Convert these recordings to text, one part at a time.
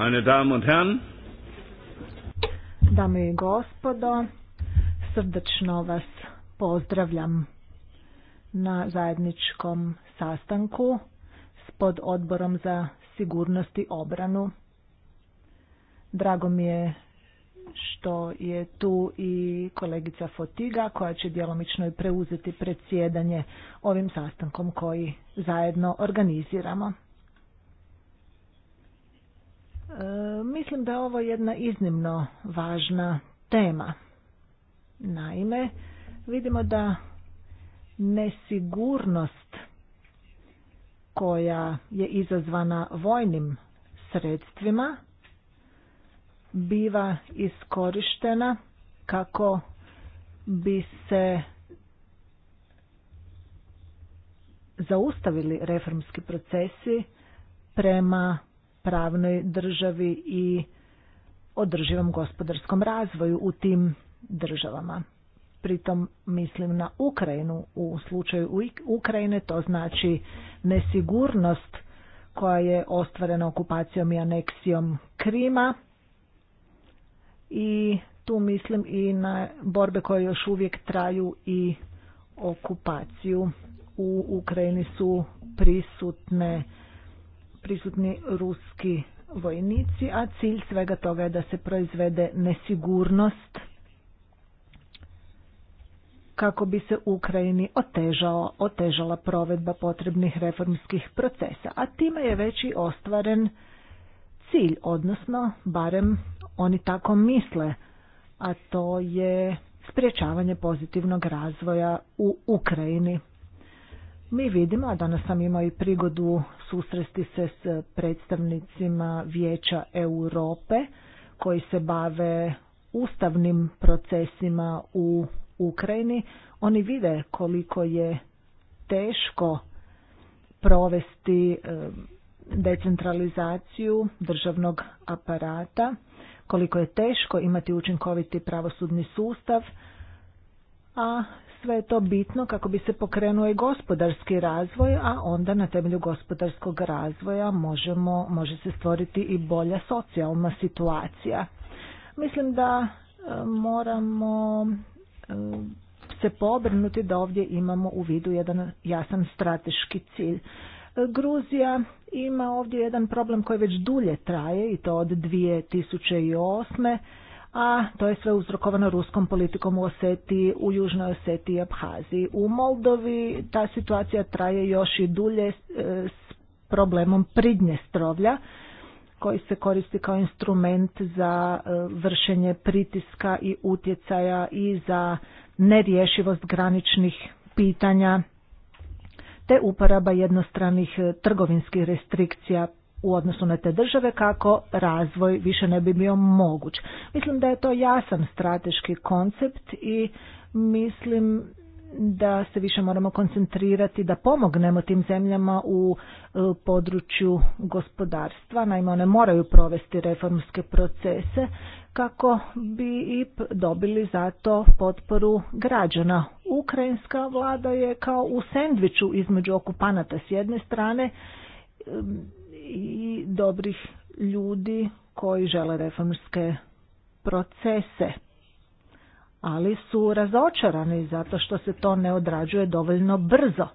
Meine und Dame i gospodo, srdačno vas pozdravljam na zajedničkom sastanku s pod odborom za sigurnost i obranu. Drago mi je što je tu i kolegica Fotiga koja će djelomično i preuzeti predsjedanje ovim sastankom koji zajedno organiziramo. E, mislim da je ovo jedna iznimno važna tema. Naime, vidimo da nesigurnost koja je izazvana vojnim sredstvima biva iskorištena kako bi se zaustavili reformski procesi prema pravnoj državi i održivom gospodarskom razvoju u tim državama. Pritom mislim na Ukrajinu. U slučaju Ukrajine to znači nesigurnost koja je ostvarena okupacijom i aneksijom Krima i tu mislim i na borbe koje još uvijek traju i okupaciju. U Ukrajini su prisutne prisutni ruski vojnici, a cilj svega toga je da se proizvede nesigurnost kako bi se Ukrajini otežala provedba potrebnih reformskih procesa, a time je već i ostvaren cilj, odnosno barem oni tako misle, a to je sprječavanje pozitivnog razvoja u Ukrajini. Mi vidimo, a danas sam imao i prigodu susresti se s predstavnicima Vijeća Europe koji se bave ustavnim procesima u Ukrajini. Oni vide koliko je teško provesti decentralizaciju državnog aparata, koliko je teško imati učinkoviti pravosudni sustav, a sve je to bitno kako bi se pokrenuo i gospodarski razvoj, a onda na temelju gospodarskog razvoja možemo, može se stvoriti i bolja socijalna situacija. Mislim da e, moramo e, se pobrinuti da ovdje imamo u vidu jedan jasan strateški cilj. E, Gruzija ima ovdje jedan problem koji već dulje traje i to od 2008 a to je sve uzrokovano ruskom politikom u oseti u Južnoj oseti i Abhaziji. U Moldovi ta situacija traje još i dulje e, s problemom strovlja koji se koristi kao instrument za e, vršenje pritiska i utjecaja i za nerješivost graničnih pitanja te uporaba jednostranih e, trgovinskih restrikcija u odnosu na te države kako razvoj više ne bi bio moguć. Mislim da je to jasan strateški koncept i mislim da se više moramo koncentrirati da pomognemo tim zemljama u e, području gospodarstva. Naime, one moraju provesti reformske procese kako bi i dobili zato potporu građana. Ukrajinska vlada je kao u sendviču između okupanata s jedne strane i dobrih ljudi koji žele reformske procese, ali su razočarani zato što se to ne odrađuje dovoljno brzo.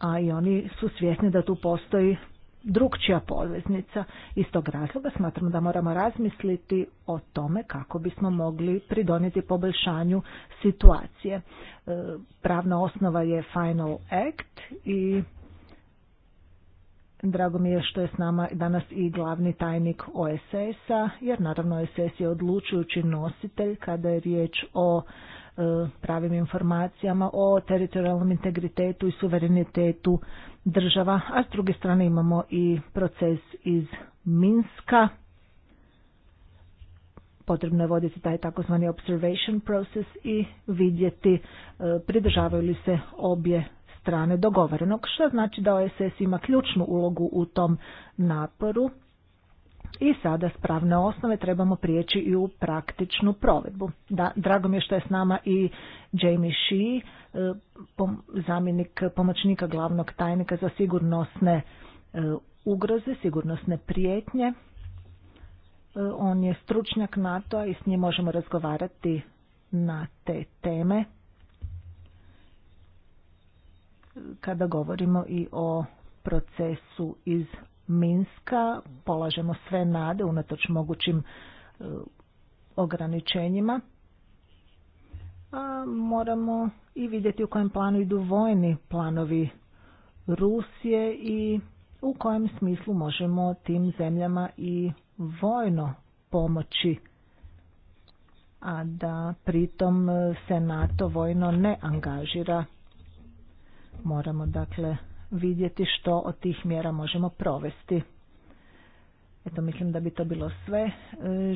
A i oni su svjesni da tu postoji drugčija poveznica. Iz tog razloga smatramo da moramo razmisliti o tome kako bismo mogli pridonijeti poboljšanju situacije. E, pravna osnova je Final Act i Drago mi je što je s nama danas i glavni tajnik OSS-a, jer naravno OSS je odlučujući nositelj kada je riječ o e, pravim informacijama o teritorijalnom integritetu i suverenitetu država, a s druge strane imamo i proces iz Minska. Potrebno je voditi taj takozvani observation process i vidjeti e, pridržavaju li se obje strane dogovorenog, što znači da OSS ima ključnu ulogu u tom naporu i sada s pravne osnove trebamo prijeći i u praktičnu provedbu. Da, drago mi je što je s nama i Jamie Shee, e, zamjenik pomoćnika glavnog tajnika za sigurnosne e, ugroze, sigurnosne prijetnje. E, on je stručnjak NATO-a i s njim možemo razgovarati na te teme kada govorimo i o procesu iz Minska, polažemo sve nade unatoč mogućim e, ograničenjima. A moramo i vidjeti u kojem planu idu vojni planovi Rusije i u kojem smislu možemo tim zemljama i vojno pomoći a da pritom se NATO vojno ne angažira Moramo dakle vidjeti što od tih mjera možemo provesti. Eto, mislim da bi to bilo sve. E,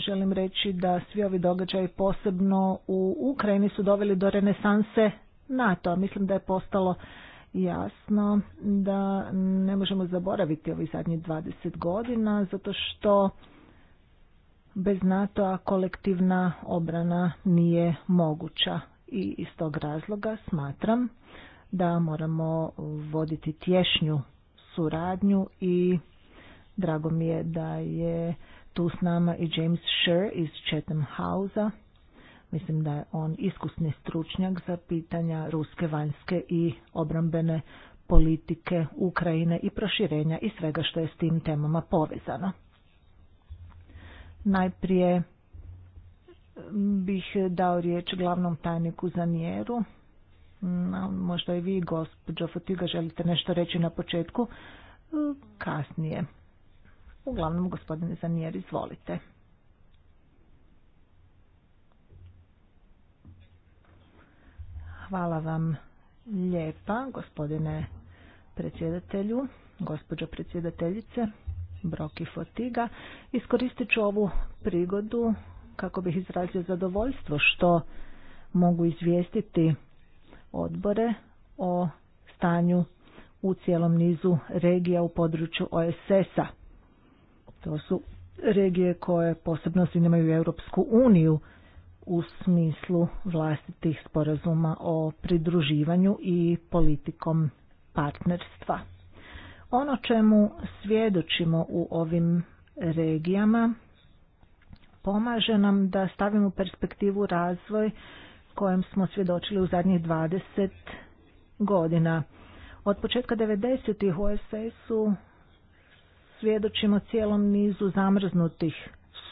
želim reći da svi ovi događaji posebno u Ukrajini su doveli do renesanse NATO. Mislim da je postalo jasno da ne možemo zaboraviti ovih zadnjih 20 godina zato što bez NATO-a kolektivna obrana nije moguća i iz tog razloga smatram da moramo voditi tješnju suradnju i drago mi je da je tu s nama i James Sher iz Chatham House-a. Mislim da je on iskusni stručnjak za pitanja ruske vanjske i obrambene politike Ukrajine i proširenja i svega što je s tim temama povezano. Najprije bih dao riječ glavnom tajniku za mjeru Možda i vi, gospođo Fotiga, želite nešto reći na početku, e, kasnije. Uglavnom, gospodine Zanijer, izvolite. Hvala vam lijepa, gospodine predsjedatelju, gospođo predsjedateljice, Broki Fotiga. Iskoristit ću ovu prigodu kako bih izrazio zadovoljstvo što mogu izvijestiti odbore o stanju u cijelom nizu regija u području OSS-a. To su regije koje posebno zanimaju Europsku uniju u smislu vlastitih sporazuma o pridruživanju i politikom partnerstva. Ono čemu svjedočimo u ovim regijama pomaže nam da stavimo perspektivu razvoj kojem smo svjedočili u zadnjih 20 godina. Od početka 90-ih u SS-u svjedočimo cijelom nizu zamrznutih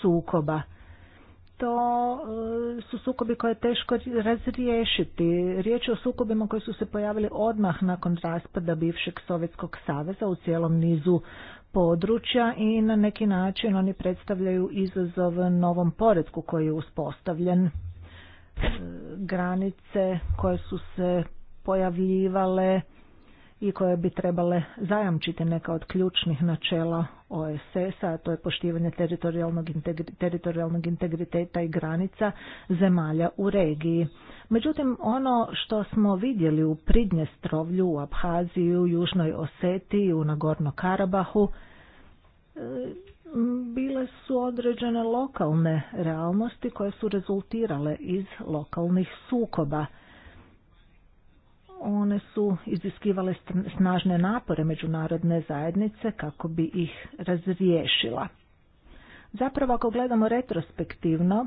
sukoba. To e, su sukobi koje je teško razriješiti. Riječ je o sukobima koji su se pojavili odmah nakon raspada bivšeg Sovjetskog saveza u cijelom nizu područja i na neki način oni predstavljaju izazov novom poredku koji je uspostavljen granice koje su se pojavljivale i koje bi trebale zajamčiti neka od ključnih načela OSS-a, to je poštivanje teritorijalnog, teritorijalnog integriteta i granica zemalja u regiji. Međutim, ono što smo vidjeli u Pridnjestrovlju, u Abhaziji, u Južnoj Osetiji, u Nagorno Karabahu, bile su određene lokalne realnosti koje su rezultirale iz lokalnih sukoba. One su iziskivale snažne napore međunarodne zajednice kako bi ih razriješila. Zapravo ako gledamo retrospektivno,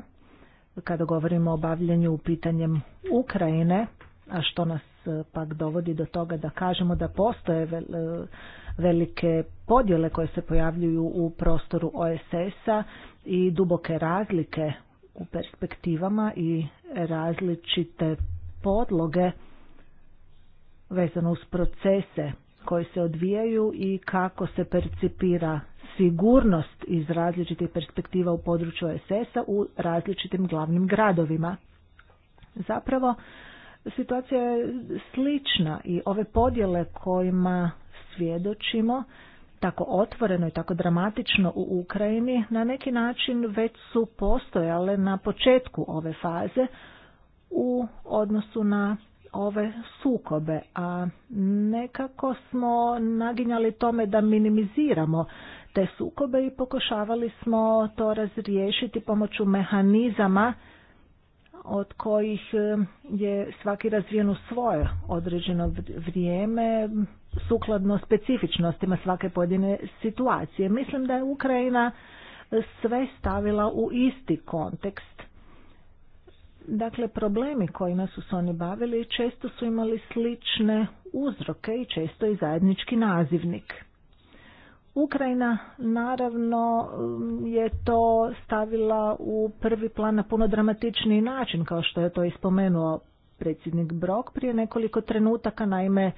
kada govorimo o bavljenju pitanjem Ukrajine, a što nas eh, pak dovodi do toga da kažemo da postoje eh, velike podjele koje se pojavljuju u prostoru OSS-a i duboke razlike u perspektivama i različite podloge vezano uz procese koji se odvijaju i kako se percipira sigurnost iz različitih perspektiva u području OSS-a u različitim glavnim gradovima. Zapravo, situacija je slična i ove podjele kojima svjedočimo tako otvoreno i tako dramatično u Ukrajini na neki način već su postojale na početku ove faze u odnosu na ove sukobe, a nekako smo naginjali tome da minimiziramo te sukobe i pokušavali smo to razriješiti pomoću mehanizama od kojih eh, je svaki razvijen u svoje određeno vrijeme sukladno specifičnostima svake pojedine situacije. Mislim da je Ukrajina sve stavila u isti kontekst. Dakle, problemi kojima su se oni bavili često su imali slične uzroke i često i zajednički nazivnik. Ukrajina naravno je to stavila u prvi plan na puno dramatičniji način kao što je to ispomenuo predsjednik Brok prije nekoliko trenutaka. Naime,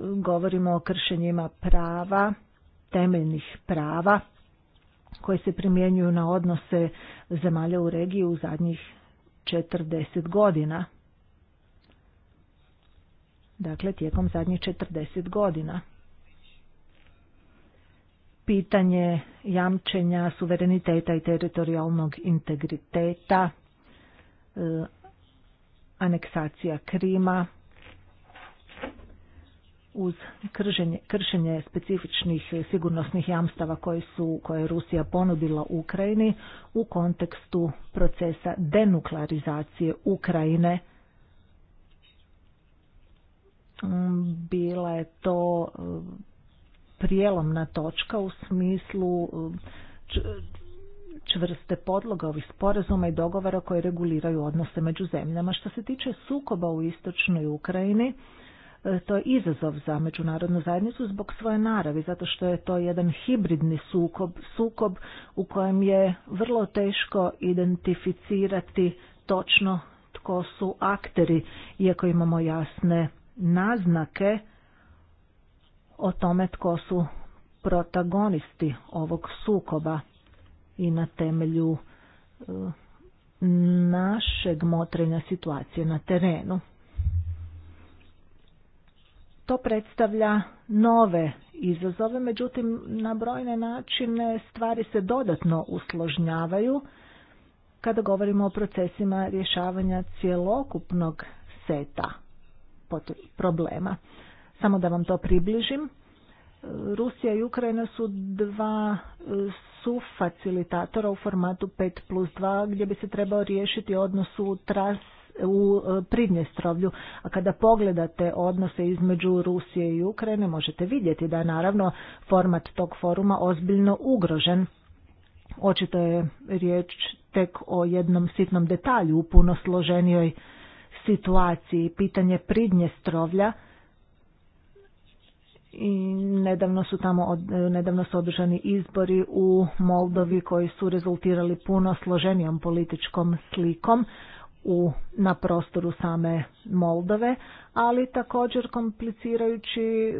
govorimo o kršenjima prava, temeljnih prava koje se primjenjuju na odnose zemalja u regiji u zadnjih 40 godina. Dakle, tijekom zadnjih 40 godina. Pitanje jamčenja suvereniteta i teritorijalnog integriteta, e, aneksacija Krima, uz krženje, kršenje specifičnih sigurnosnih jamstava koje su koje je Rusija ponudila Ukrajini u kontekstu procesa denuklearizacije Ukrajine mm, bila je to eh, prijelomna točka u smislu eh, čvrste podloga ovih sporazuma i dogovora koji reguliraju odnose među zemljama. Što se tiče sukoba u istočnoj Ukrajini, E, to je izazov za međunarodnu zajednicu zbog svoje naravi, zato što je to jedan hibridni sukob, sukob u kojem je vrlo teško identificirati točno tko su akteri, iako imamo jasne naznake o tome tko su protagonisti ovog sukoba i na temelju e, našeg motrenja situacije na terenu to predstavlja nove izazove, međutim na brojne načine stvari se dodatno usložnjavaju kada govorimo o procesima rješavanja cjelokupnog seta problema. Samo da vam to približim. Rusija i Ukrajina su dva e, sufacilitatora u formatu 5 plus 2 gdje bi se trebao riješiti odnos u trans u e, Pridnjestrovlju. A kada pogledate odnose između Rusije i Ukrajine možete vidjeti da je naravno format tog foruma ozbiljno ugrožen. Očito je riječ tek o jednom sitnom detalju u puno složenijoj situaciji. Pitanje Pridnjestrovlja i nedavno su tamo e, nedavno su održani izbori u Moldovi koji su rezultirali puno složenijom političkom slikom u, na prostoru same Moldove, ali također komplicirajući e,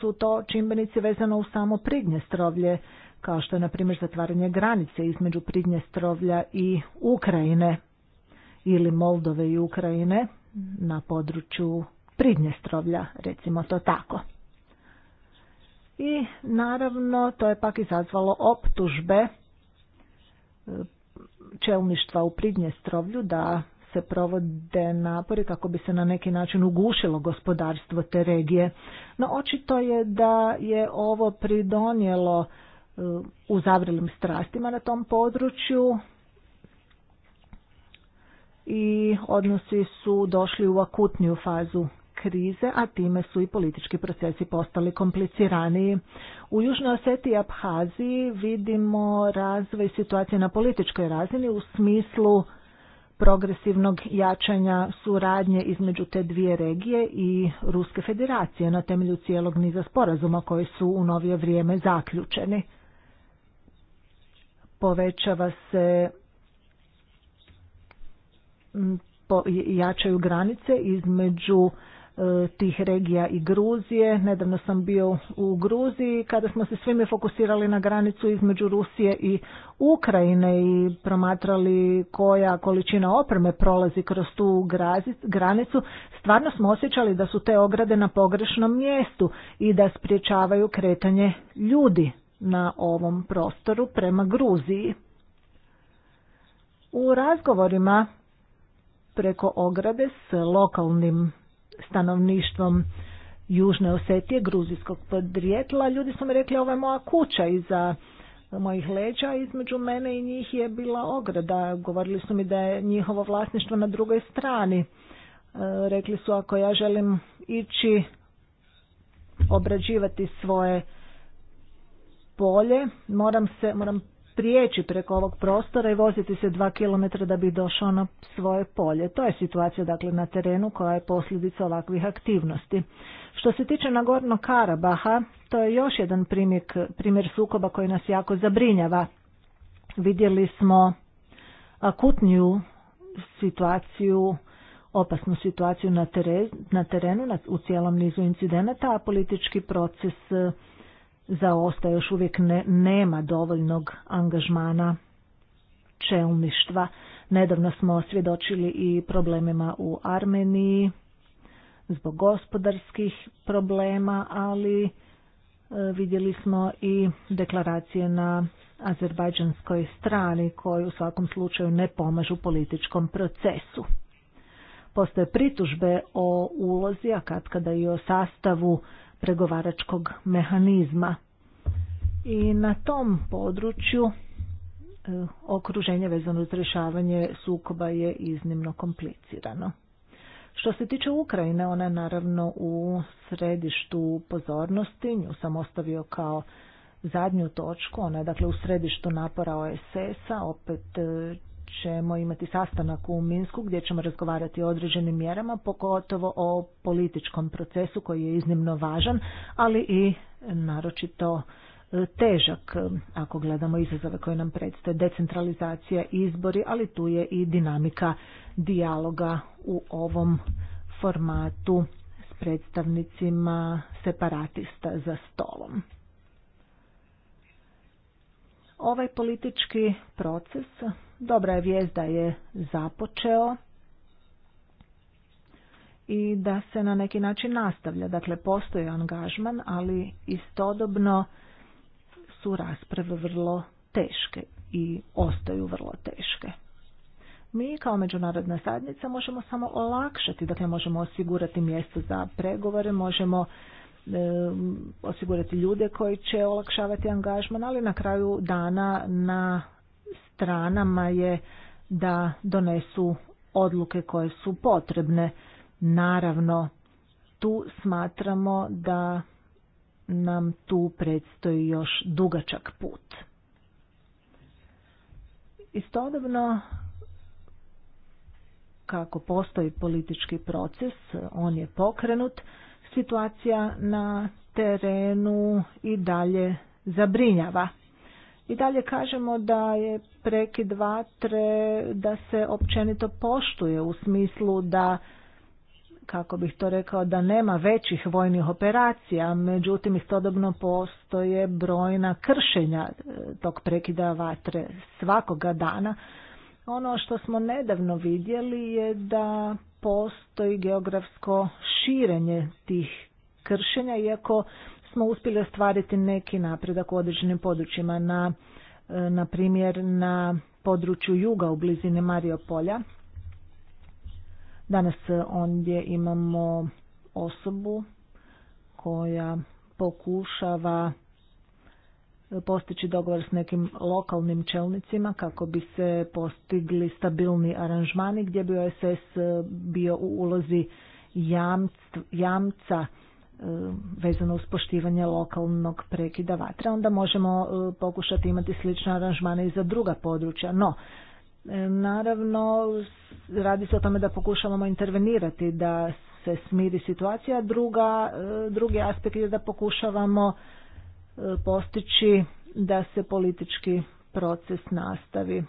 su to čimbenici vezano u samo Pridnjestrovlje, kao što je na primjer zatvaranje granice između Pridnjestrovlja i Ukrajine ili Moldove i Ukrajine na području Pridnjestrovlja, recimo to tako. I naravno to je pak izazvalo optužbe e, čelništva u Pridnjestrovlju da se provode napori kako bi se na neki način ugušilo gospodarstvo te regije. No očito je da je ovo pridonijelo e, uzavrilim strastima na tom području i odnosi su došli u akutniju fazu krize, a time su i politički procesi postali kompliciraniji. U Južnoj Osetiji i Abhaziji vidimo razvoj situacije na političkoj razini u smislu progresivnog jačanja suradnje između te dvije regije i Ruske federacije na temelju cijelog niza sporazuma koji su u novije vrijeme zaključeni. Povećava se jačaju granice između E, tih regija i Gruzije. Nedavno sam bio u Gruziji kada smo se svime fokusirali na granicu između Rusije i Ukrajine i promatrali koja količina opreme prolazi kroz tu granicu. Stvarno smo osjećali da su te ograde na pogrešnom mjestu i da spriječavaju kretanje ljudi na ovom prostoru prema Gruziji. U razgovorima preko ograde s lokalnim stanovništvom Južne Osetije, gruzijskog podrijetla. Ljudi su mi rekli, ovo je moja kuća iza mojih leđa, između mene i njih je bila ograda. Govorili su mi da je njihovo vlasništvo na drugoj strani. E, rekli su, ako ja želim ići obrađivati svoje polje, moram se, moram prijeći preko ovog prostora i voziti se dva kilometra da bi došao na svoje polje. To je situacija dakle na terenu koja je posljedica ovakvih aktivnosti. Što se tiče Nagorno Karabaha, to je još jedan primjer, primjer sukoba koji nas jako zabrinjava. Vidjeli smo akutniju situaciju opasnu situaciju na terenu, na, u cijelom nizu incidenata, a politički proces zaostaje, još uvijek ne, nema dovoljnog angažmana čelništva. Nedavno smo svjedočili i problemima u Armeniji zbog gospodarskih problema, ali e, vidjeli smo i deklaracije na azerbajdžanskoj strani koji u svakom slučaju ne pomažu političkom procesu. Postoje pritužbe o ulozi, a kad kada i o sastavu pregovaračkog mehanizma. I na tom području e, okruženje vezano uz rješavanje sukoba je iznimno komplicirano. Što se tiče Ukrajine, ona je naravno u središtu pozornosti, nju sam ostavio kao zadnju točku, ona je dakle u središtu napora OSS-a, opet e, ćemo imati sastanak u Minsku gdje ćemo razgovarati o određenim mjerama, pogotovo o političkom procesu koji je iznimno važan, ali i naročito e, težak e, ako gledamo izazove koje nam predstoje decentralizacija izbori, ali tu je i dinamika dijaloga u ovom formatu s predstavnicima separatista za stolom. Ovaj politički proces Dobra je vijest da je započeo i da se na neki način nastavlja. Dakle, postoji angažman, ali istodobno su rasprave vrlo teške i ostaju vrlo teške. Mi kao međunarodna sadnica možemo samo olakšati, dakle možemo osigurati mjesto za pregovore, možemo osigurati ljude koji će olakšavati angažman, ali na kraju dana na stranama je da donesu odluke koje su potrebne. Naravno, tu smatramo da nam tu predstoji još dugačak put. Istodobno, kako postoji politički proces, on je pokrenut, situacija na terenu i dalje zabrinjava. I dalje kažemo da je prekid vatre, da se općenito poštuje u smislu da kako bih to rekao, da nema većih vojnih operacija, međutim istodobno postoje brojna kršenja e, tog prekida vatre svakoga dana. Ono što smo nedavno vidjeli je da postoji geografsko širenje tih kršenja, iako smo uspjeli ostvariti neki napredak u određenim područjima na e, na primjer na području juga u blizini Mariopolja. Danas ondje imamo osobu koja pokušava postići dogovor s nekim lokalnim čelnicima kako bi se postigli stabilni aranžmani gdje bi OSS bio u ulozi jamca E, vezano uz poštivanje lokalnog prekida vatra. Onda možemo e, pokušati imati slične aranžmane i za druga područja. No, e, naravno, radi se o tome da pokušavamo intervenirati, da se smiri situacija. Druga, drugi aspekt je da pokušavamo postići da se politički proces nastavi.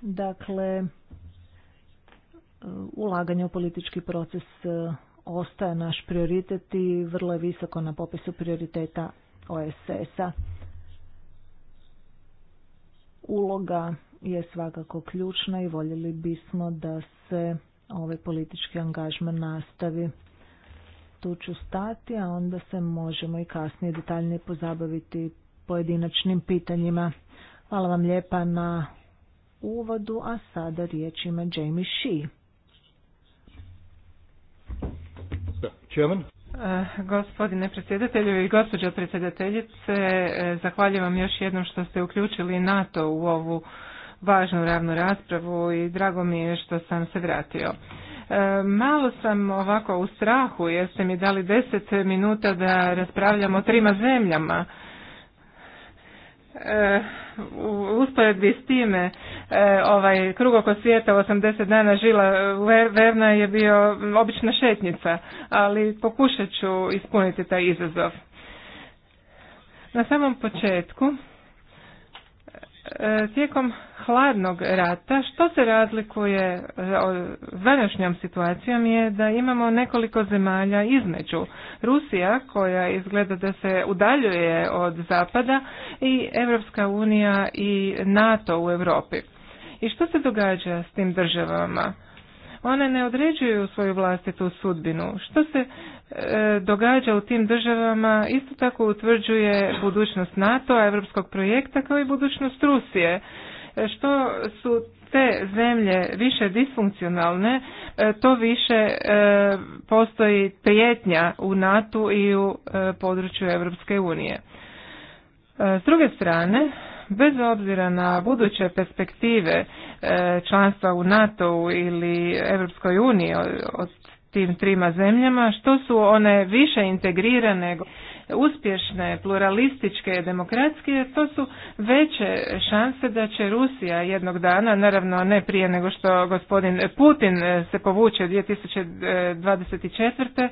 Dakle, E, ulaganje u politički proces e, ostaje naš prioritet i vrlo je visoko na popisu prioriteta OSS-a. Uloga je svakako ključna i voljeli bismo da se ovaj politički angažman nastavi. Tu ću stati, a onda se možemo i kasnije detaljnije pozabaviti pojedinačnim pitanjima. Hvala vam lijepa na uvodu, a sada riječ ima Jamie Shee. Eh, gospodine predsjedatelju i gospođo predsjedateljice, eh, zahvaljujem vam još jednom što ste uključili NATO u ovu važnu ravnu raspravu i drago mi je što sam se vratio. Eh, malo sam ovako u strahu jer ste mi dali deset minuta da raspravljamo o trima zemljama u usporedbi s time e, ovaj krug oko svijeta 80 dana žila Verna je bio obična šetnica, ali pokušat ću ispuniti taj izazov. Na samom početku E, tijekom hladnog rata što se razlikuje e, današnjom situacijom je da imamo nekoliko zemalja između Rusija koja izgleda da se udaljuje od zapada i Europska unija i NATO u Europi. I što se događa s tim državama? One ne određuju svoju vlastitu sudbinu. Što se E, događa u tim državama isto tako utvrđuje budućnost nato Europskog evropskog projekta kao i budućnost Rusije. E, što su te zemlje više disfunkcionalne, e, to više postoji prijetnja u NATO i u području Evropske unije. S druge strane, bez obzira na buduće perspektive članstva u NATO-u ili Evropskoj uniji od tim trima zemljama, što su one više integrirane, uspješne, pluralističke, demokratske, to su veće šanse da će Rusija jednog dana, naravno ne prije nego što gospodin Putin se povuče 2024.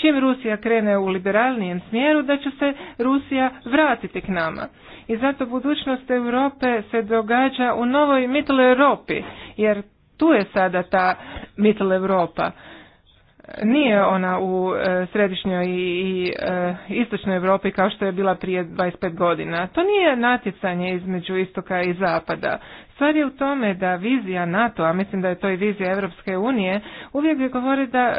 čim Rusija krene u liberalnijem smjeru, da će se Rusija vratiti k nama. I zato budućnost Europe se događa u novoj Middle Europi, jer tu je sada ta Middle Europa nije ona u e, središnjoj i e, istočnoj Europi kao što je bila prije 25 godina. To nije natjecanje između istoka i zapada. Stvar je u tome da vizija NATO, a mislim da je to i vizija Europske unije, uvijek govori da e,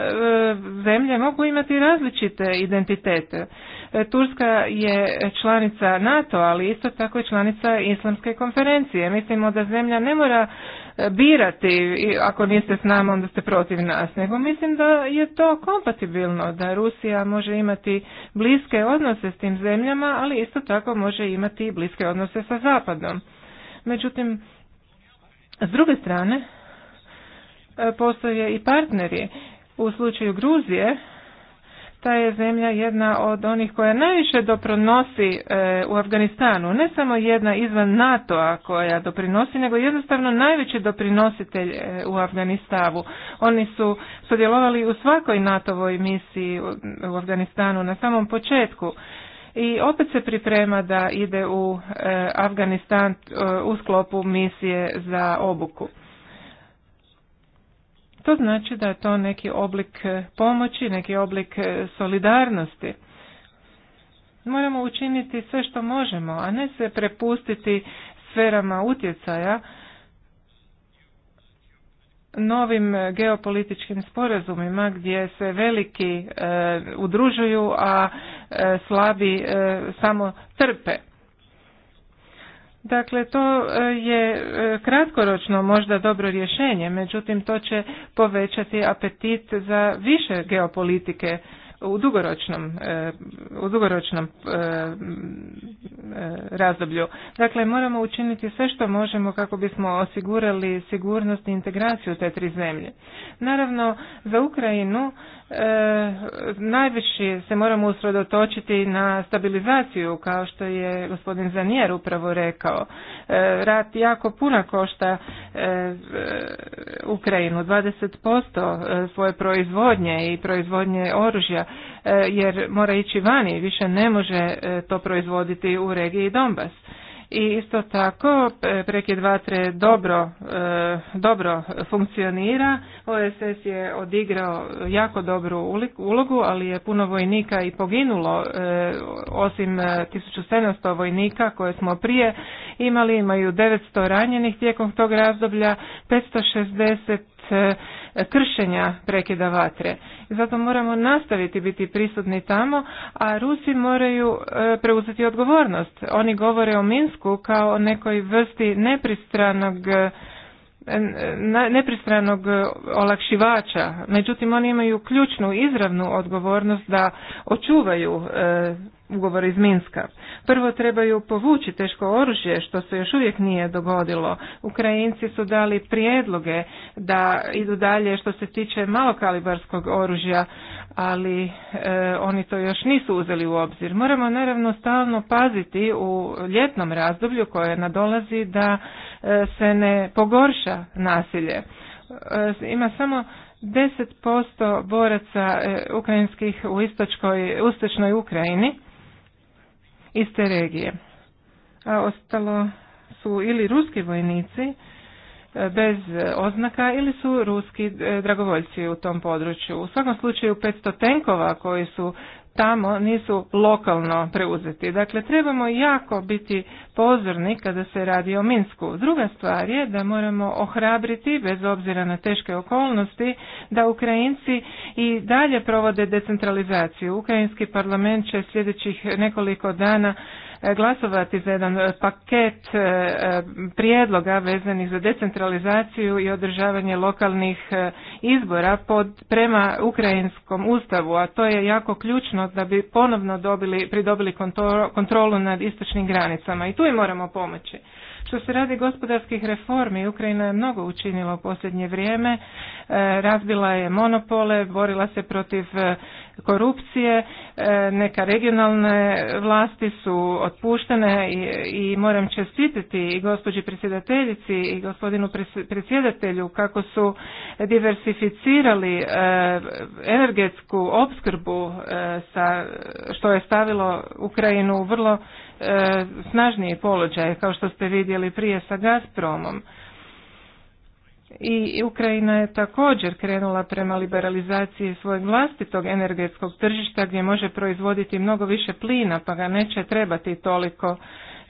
zemlje mogu imati različite identitete. E, Turska je članica NATO, ali isto tako i članica Islamske konferencije. Mislimo da zemlja ne mora e, birati ako niste s nama onda ste protiv nas, nego mislim da je to kompatibilno, da Rusija može imati bliske odnose s tim zemljama, ali isto tako može imati bliske odnose sa Zapadom. Međutim, s druge strane, e, postoje i partneri. U slučaju Gruzije, ta je zemlja jedna od onih koja najviše doprinosi e, u Afganistanu, ne samo jedna izvan NATO-a koja doprinosi, nego jednostavno najveći doprinositelj e, u Afganistavu. Oni su sudjelovali u svakoj NATO-voj misiji u Afganistanu na samom početku i opet se priprema da ide u e, Afganistan e, u sklopu misije za obuku. To znači da je to neki oblik e, pomoći, neki oblik solidarnosti. Moramo učiniti sve što možemo, a ne se prepustiti sferama utjecaja novim geopolitičkim sporazumima gdje se veliki e, udružuju, a e, slabi e, samo trpe. Dakle, to je kratkoročno možda dobro rješenje, međutim to će povećati apetit za više geopolitike u dugoročnom, e, dugoročnom e, e, razdoblju. Dakle, moramo učiniti sve što možemo kako bismo osigurali sigurnost i integraciju te tri zemlje. Naravno, za Ukrajinu E, najviše se moramo usredotočiti na stabilizaciju kao što je gospodin Zanijer upravo rekao. E, rat jako puno košta e, Ukrajinu, 20% e, svoje proizvodnje i proizvodnje oružja jer mora ići vani, više ne može to proizvoditi u regiji Donbass i isto tako e, prekid vatre dobro, e, dobro funkcionira. OSS je odigrao jako dobru ulogu, ali je puno vojnika i poginulo, e, osim 1700 vojnika koje smo prije imali, imaju 900 ranjenih tijekom tog razdoblja, 560 kršenja prekida vatre. Zato moramo nastaviti biti prisutni tamo, a Rusi moraju e, preuzeti odgovornost. Oni govore o Minsku kao o nekoj vrsti nepristranog nepristranog e, olakšivača. Međutim, oni imaju ključnu izravnu odgovornost da očuvaju e, ugovor iz Minska. Prvo trebaju povući teško oružje, što se još uvijek nije dogodilo. Ukrajinci su dali prijedloge da idu dalje što se tiče malokalibarskog oružja, ali e, oni to još nisu uzeli u obzir. Moramo naravno stalno paziti u ljetnom razdoblju koje nadolazi da e, se ne pogorša nasilje. E, ima samo 10% boraca ukrajinskih u istočkoj, istočnoj Ukrajini iz te regije. A ostalo su ili ruski vojnici E, bez oznaka ili su ruski e, dragovoljci u tom području. U svakom slučaju 500 tenkova koji su tamo nisu lokalno preuzeti. Dakle, trebamo jako biti pozorni kada se radi o Minsku. Druga stvar je da moramo ohrabriti, bez obzira na teške okolnosti, da Ukrajinci i dalje provode decentralizaciju. Ukrajinski parlament će sljedećih nekoliko dana E, glasovati za jedan e, paket e, prijedloga vezanih za decentralizaciju i održavanje lokalnih izbora pod, prema ukrajinskom ustavu, a to je jako ključno da bi ponovno dobili, pridobili kontrolu nad istočnim granicama i tu im moramo pomoći. Što se radi gospodarskih reformi, Ukrajina je mnogo učinila u posljednje vrijeme, razbila je monopole, borila se protiv korupcije, e, neka regionalne vlasti su otpuštene i, moram čestititi i gospođi predsjedateljici i gospodinu predsjedatelju kako su diversificirali e, energetsku opskrbu e, sa što je stavilo Ukrajinu u vrlo snažniji položaj kao što ste vidjeli prije sa Gazpromom i Ukrajina je također krenula prema liberalizaciji svojeg vlastitog energetskog tržišta gdje može proizvoditi mnogo više plina pa ga neće trebati toliko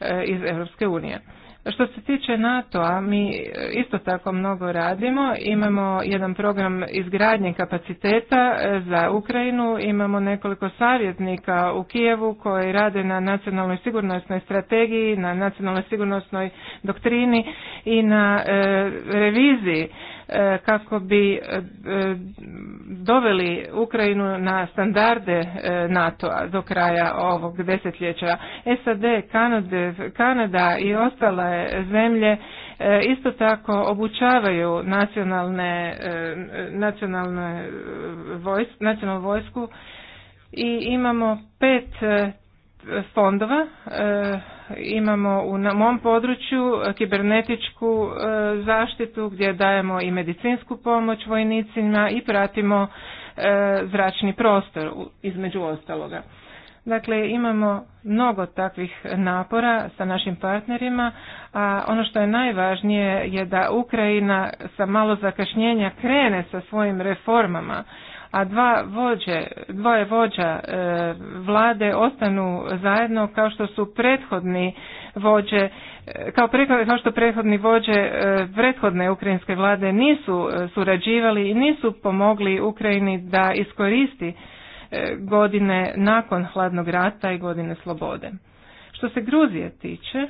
e, iz Europske unije. Što se tiče NATO-a, mi isto tako mnogo radimo. Imamo jedan program izgradnje kapaciteta e, za Ukrajinu. Imamo nekoliko savjetnika u Kijevu koji rade na nacionalnoj sigurnosnoj strategiji, na nacionalnoj sigurnosnoj doktrini i na e, reviziji E, kako bi e, doveli Ukrajinu na standarde e, nato do kraja ovog desetljeća. SAD, Kanade, Kanada i ostale zemlje isto tako obučavaju nacionalne, nacionalne vojs, nacionalnu vojsku i imamo pet fondova e, imamo u mom području e, kibernetičku e, zaštitu gdje dajemo i medicinsku pomoć vojnicima i pratimo zračni prostor između ostaloga. Dakle, imamo mnogo takvih napora sa našim partnerima, a ono što je najvažnije je da Ukrajina sa malo zakašnjenja krene sa svojim reformama a dva vođe, dvoje vođa e, vlade ostanu zajedno kao što su prethodni vođe, e, kao, kao što prethodni vođe e, prethodne ukrajinske vlade nisu surađivali i nisu pomogli Ukrajini da iskoristi godine nakon hladnog rata i godine slobode. Što se Gruzije tiče,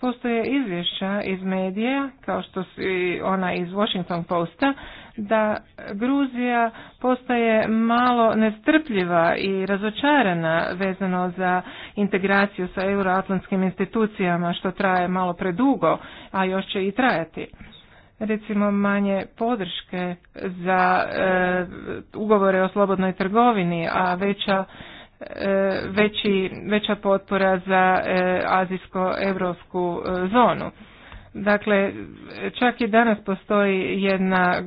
postoje izvješća iz medija, kao što su i ona iz Washington Posta, da Gruzija postaje malo nestrpljiva i razočarana vezano za integraciju sa euroatlantskim institucijama, što traje malo predugo, a još će i trajati recimo manje podrške za e, ugovore o slobodnoj trgovini, a veća E, veći, veća potpora za e, azijsko-evropsku e, zonu. Dakle, čak i danas postoji jedna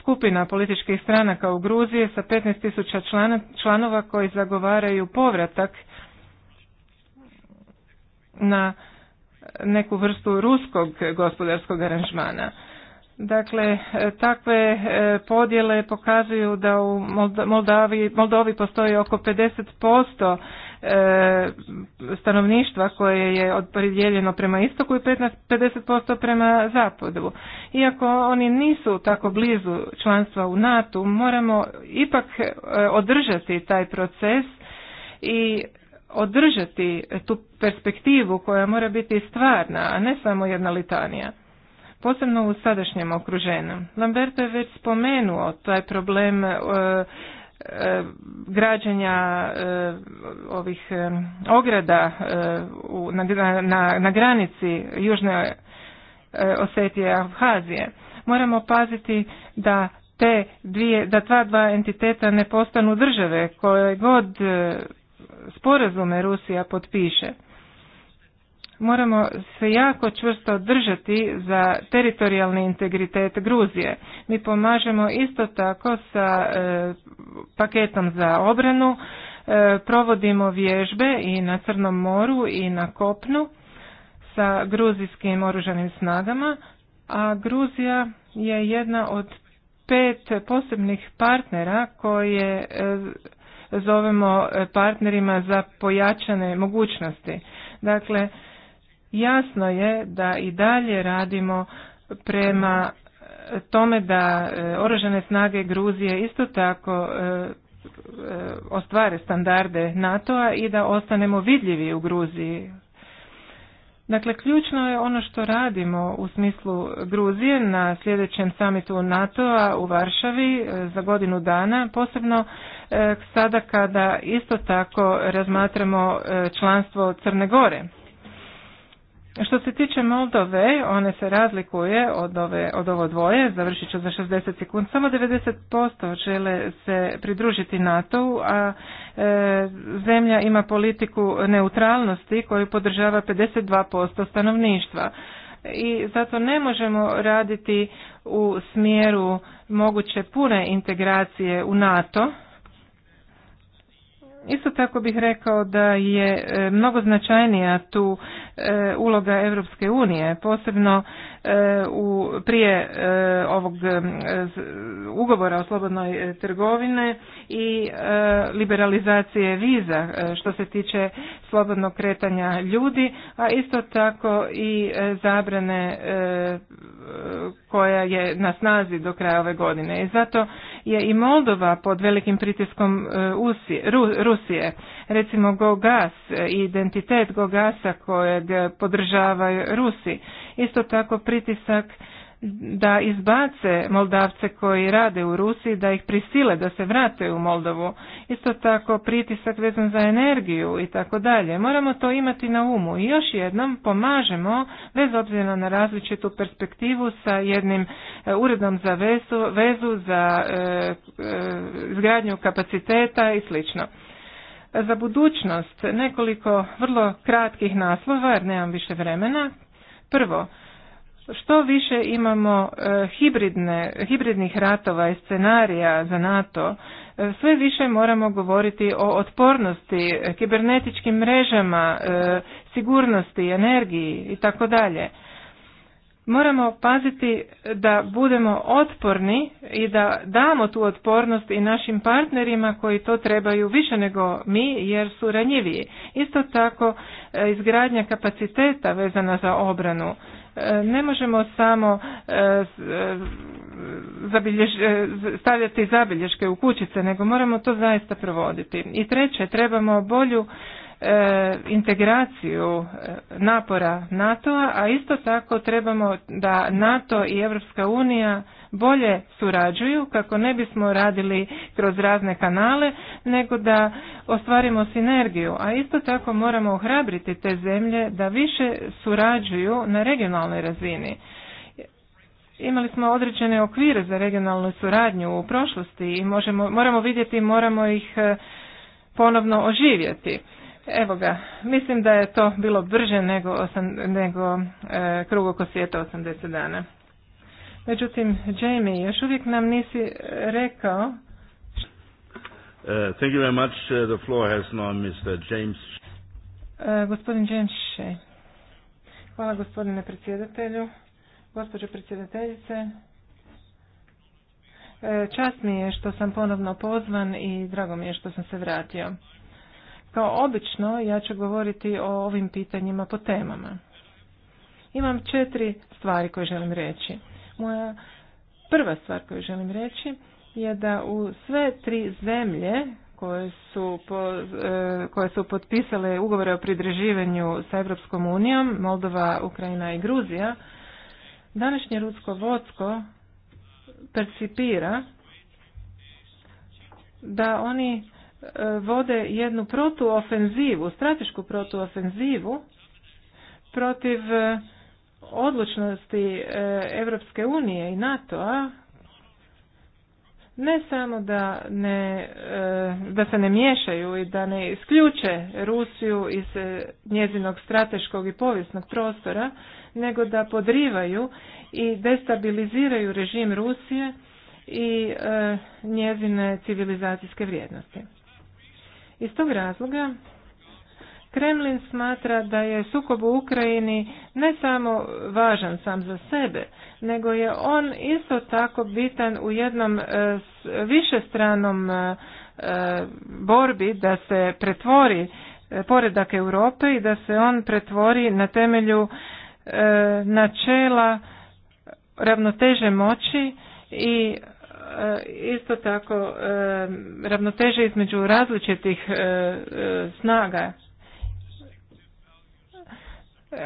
skupina političkih stranaka u Gruziji sa 15.000 članova koji zagovaraju povratak na neku vrstu ruskog gospodarskog aranžmana. Dakle, e, takve e, podjele pokazuju da u Moldavi, Moldovi postoji oko 50% e, stanovništva koje je opredijeljeno prema istoku i 50% prema zapadu. Iako oni nisu tako blizu članstva u NATO, moramo ipak održati taj proces i održati tu perspektivu koja mora biti stvarna, a ne samo jedna litanija posebno u sadašnjem okruženju. Lamberto je već spomenuo taj problem e, e, građenja građanja e, ovih ograda na, na granici Južne Osetije Abhazije. Moramo paziti da te dvije, da ta dva entiteta ne postanu države koje god sporazume Rusija potpiše moramo se jako čvrsto držati za teritorijalni integritet Gruzije. Mi pomažemo isto tako sa e, paketom za obranu, e, provodimo vježbe i na Crnom moru i na kopnu sa gruzijskim oružanim snagama, a Gruzija je jedna od pet posebnih partnera koje e, zovemo partnerima za pojačane mogućnosti. Dakle, Jasno je da i dalje radimo prema e, tome da e, oružane snage Gruzije isto tako e, ostvare standarde NATO-a i da ostanemo vidljivi u Gruziji. Dakle, ključno je ono što radimo u smislu Gruzije na sljedećem samitu NATO-a u Varšavi za godinu dana, posebno sada kada isto tako razmatramo članstvo Crne Gore. Što se tiče Moldove, one se razlikuje od, ove, od ovo dvoje, završit ću za 60 sekund, samo 90% žele se pridružiti NATO-u, a e, zemlja ima politiku neutralnosti koju podržava 52% stanovništva. I zato ne možemo raditi u smjeru moguće pune integracije u NATO, Isto tako bih rekao da je e, mnogo značajnija tu e, uloga Europske unije, posebno E, u prije e, ovog e, ugovora o slobodnoj trgovine i liberalizacije viza što se tiče slobodnog kretanja ljudi, a isto tako i zabrane koja je na snazi do kraja ove godine. I zato je i Moldova pod velikim pritiskom Rusije recimo Gogas, e, identitet Gogasa kojeg podržavaju Rusi. Isto tako pritisak da izbace Moldavce koji rade u Rusiji, da ih prisile da se vrate u Moldovu. Isto tako pritisak vezan za energiju i tako dalje. Moramo to imati na umu i još jednom pomažemo, bez obzira na različitu perspektivu, sa jednim e, uredom za vezu, vezu za izgradnju e, kapaciteta i slično za budućnost nekoliko vrlo kratkih naslova jer nemam više vremena. Prvo, što više imamo e, hibridne, hibridnih ratova i scenarija za NATO, e, sve više moramo govoriti o otpornosti, kibernetičkim mrežama, e, sigurnosti, energiji i tako dalje moramo paziti da budemo otporni i da damo tu otpornost i našim partnerima koji to trebaju više nego mi jer su ranjiviji. Isto tako e, izgradnja kapaciteta vezana za obranu. E, ne možemo samo e, stavljati zabilješke u kućice, nego moramo to zaista provoditi. I treće, trebamo bolju E, integraciju e, napora NATO-a, a isto tako trebamo da NATO i Europska unija bolje surađuju kako ne bismo radili kroz razne kanale, nego da ostvarimo sinergiju, a isto tako moramo ohrabriti te zemlje da više surađuju na regionalnoj razini. Imali smo određene okvire za regionalnu suradnju u prošlosti i možemo, moramo vidjeti, moramo ih e, ponovno oživjeti. Evo ga, mislim da je to bilo brže nego, osam, nego e, krug oko svijeta 80 dana. Međutim, Jamie, još uvijek nam nisi e, rekao... Uh, thank you very much. Uh, the floor has now Mr. James. E, gospodin James Hvala gospodine predsjedatelju. Gospođo predsjedateljice, čast mi je što sam ponovno pozvan i drago mi je što sam se vratio. Kao obično, ja ću govoriti o ovim pitanjima po temama. Imam četiri stvari koje želim reći. Moja prva stvar koju želim reći je da u sve tri zemlje koje su, e, koje su potpisale ugovore o pridruživanju sa Europskom unijom, Moldova, Ukrajina i Gruzija, današnje rusko vodsko percipira da oni vode jednu protuofenzivu, stratešku protuofenzivu protiv e, odlučnosti Europske unije i NATO-a ne samo da, ne, e, da se ne miješaju i da ne isključe Rusiju iz e, njezinog strateškog i povijesnog prostora, nego da podrivaju i destabiliziraju režim Rusije i njezine civilizacijske vrijednosti. Iz tog razloga Kremlin smatra da je sukob u Ukrajini ne samo važan sam za sebe, nego je on isto tako bitan u jednom e, višestranom e, e, borbi da se pretvori poredak Europe i da se on pretvori na temelju načela ravnoteže moći i E, isto tako e, ravnoteže između različitih e, snaga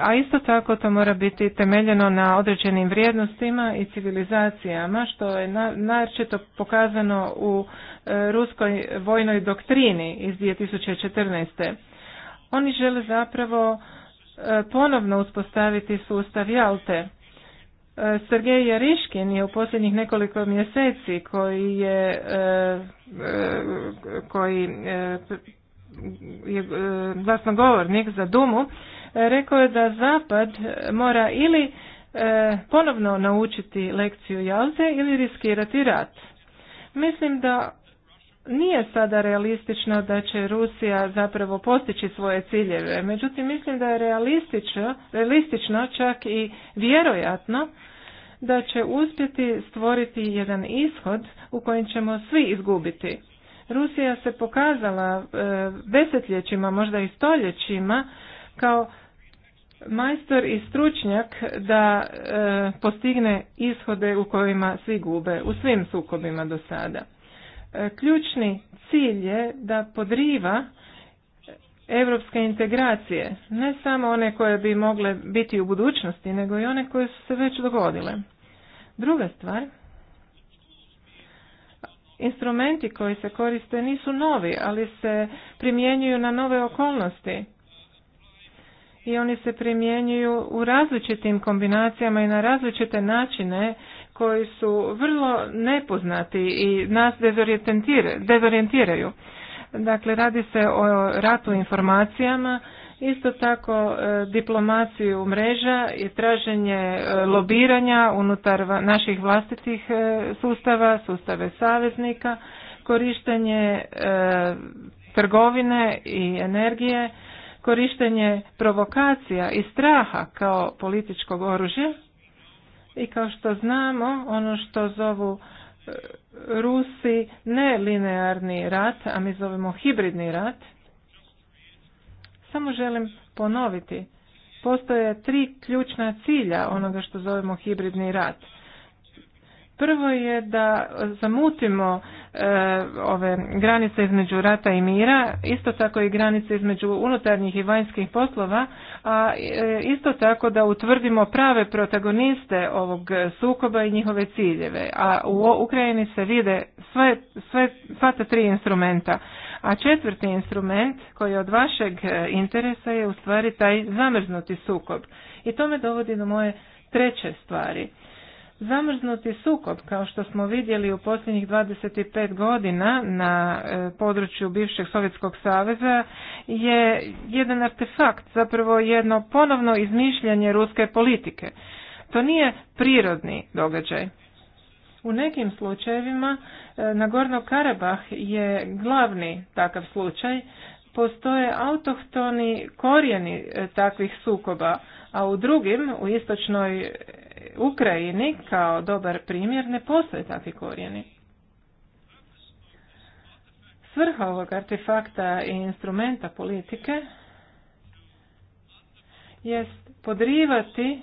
a isto tako to mora biti temeljeno na određenim vrijednostima i civilizacijama što je naročito pokazano u ruskoj vojnoj doktrini iz 2014. Oni žele zapravo ponovno uspostaviti sustav Jalte E, Sergej Jariškin je u posljednjih nekoliko mjeseci koji je e, e, koji je glasnogovornik za Dumu rekao je da Zapad mora ili ponovno naučiti lekciju Jalze ili riskirati rat. Mislim da nije sada realistično da će Rusija zapravo postići svoje ciljeve. Međutim, mislim da je realistično, realistično čak i vjerojatno da će uspjeti stvoriti jedan ishod u kojem ćemo svi izgubiti. Rusija se pokazala e, desetljećima, možda i stoljećima kao majstor i stručnjak da e, postigne ishode u kojima svi gube u svim sukobima do sada. E, ključni cilj je da podriva europske integracije, ne samo one koje bi mogle biti u budućnosti, nego i one koje su se već dogodile. Druga stvar, instrumenti koji se koriste nisu novi, ali se primjenjuju na nove okolnosti. I oni se primjenjuju u različitim kombinacijama i na različite načine koji su vrlo nepoznati i nas dezorijentiraju. Dakle, radi se o ratu informacijama, isto tako e, diplomaciju mreža i traženje e, lobiranja unutar naših vlastitih e, sustava, sustave saveznika, korištenje trgovine i energije, korištenje provokacija i straha kao političkog oružja i kao što znamo ono što zovu e, Rusi nelinearni rat, a mi zovemo hibridni rat, samo želim ponoviti. Postoje tri ključna cilja onoga što zovemo hibridni rat. Prvo je da zamutimo e, ove granice između rata i mira, isto tako i granice između unutarnjih i vanjskih poslova, a e, isto tako da utvrdimo prave protagoniste ovog sukoba i njihove ciljeve. A u Ukrajini se vide sve, sve, sva ta tri instrumenta. A četvrti instrument koji je od vašeg e, interesa je u stvari taj zamrznuti sukob. I to me dovodi do moje treće stvari Zamrznuti sukob, kao što smo vidjeli u posljednjih 25 godina na e, području bivšeg Sovjetskog saveza, je jedan artefakt, zapravo jedno ponovno izmišljanje ruske politike. To nije prirodni događaj. U nekim slučajevima e, na Nagorno Karabah je glavni takav slučaj, postoje autohtoni korijeni e, takvih sukoba, a u drugim, u istočnoj Ukrajini kao dobar primjer ne postoje takvi korijeni. Svrha ovog artefakta i instrumenta politike jest podrivati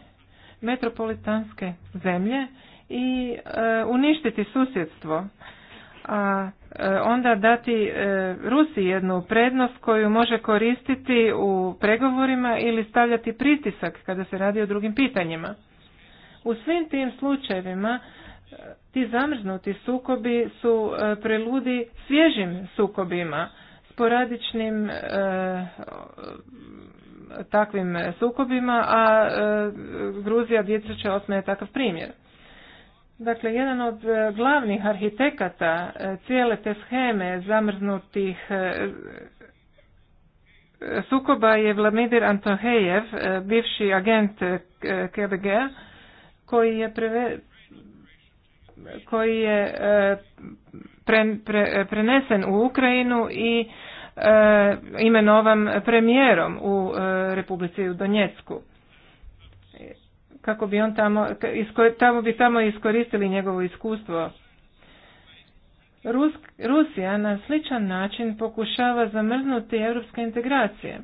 metropolitanske zemlje i e, uništiti susjedstvo, a e, onda dati e, Rusiji jednu prednost koju može koristiti u pregovorima ili stavljati pritisak kada se radi o drugim pitanjima. U svim tim slučajevima e, ti zamrznuti sukobi su e, preludi svježim sukobima, sporadičnim e, takvim sukobima, a e, Gruzija 2008. je takav primjer. Dakle, jedan od e, glavnih arhitekata cijele te sheme zamrznutih sukoba je Vladimir Antohejev, bivši agent KBG, koji je koji je e, prenesen u Ukrajinu i e, imenovan premijerom u e, Republici u Donjecku kako bi on tamo, tamo bi tamo iskoristili njegovo iskustvo. Rus, Rusija na sličan način pokušava zamrznuti europske integracije.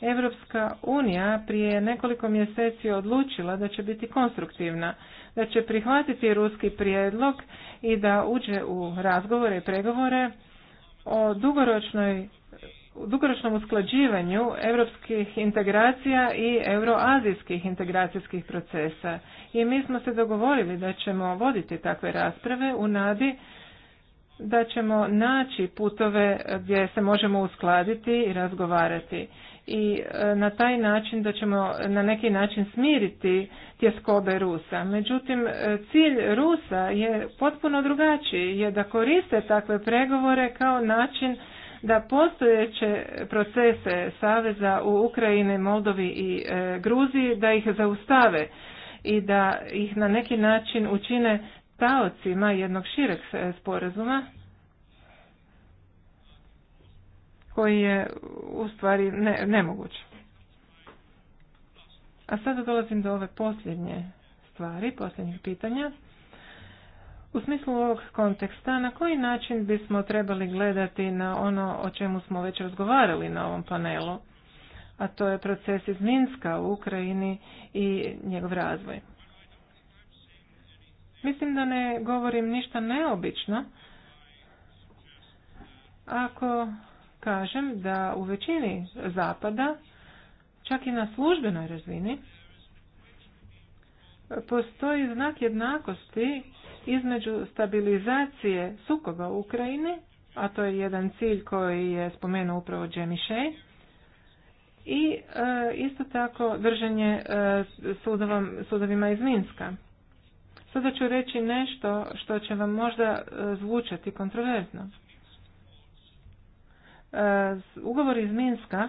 Europska unija prije nekoliko mjeseci odlučila da će biti konstruktivna, da će prihvatiti ruski prijedlog i da uđe u razgovore i pregovore o dugoročnoj dugoročnom usklađivanju europskih integracija i euroazijskih integracijskih procesa. I mi smo se dogovorili da ćemo voditi takve rasprave u nadi da ćemo naći putove gdje se možemo uskladiti i razgovarati i e, na taj način da ćemo na neki način smiriti tjeskobe Rusa. Međutim, e, cilj Rusa je potpuno drugačiji, je da koriste takve pregovore kao način da postojeće procese Saveza u Ukrajini, Moldovi i e, Gruziji, da ih zaustave i da ih na neki način učine taocima jednog šireg sporazuma koji je u stvari ne, nemoguć. A sada dolazim do ove posljednje stvari, posljednjih pitanja. U smislu ovog konteksta, na koji način bismo trebali gledati na ono o čemu smo već razgovarali na ovom panelu, a to je proces iz Minska u Ukrajini i njegov razvoj. Mislim da ne govorim ništa neobično ako kažem da u većini zapada, čak i na službenoj razini, postoji znak jednakosti između stabilizacije sukoba u Ukrajini, a to je jedan cilj koji je spomenuo upravo Džemišej, i e, isto tako držanje e, sudovima iz Minska. Sada ću reći nešto što će vam možda e, zvučati kontroverzno. E, ugovori iz Minska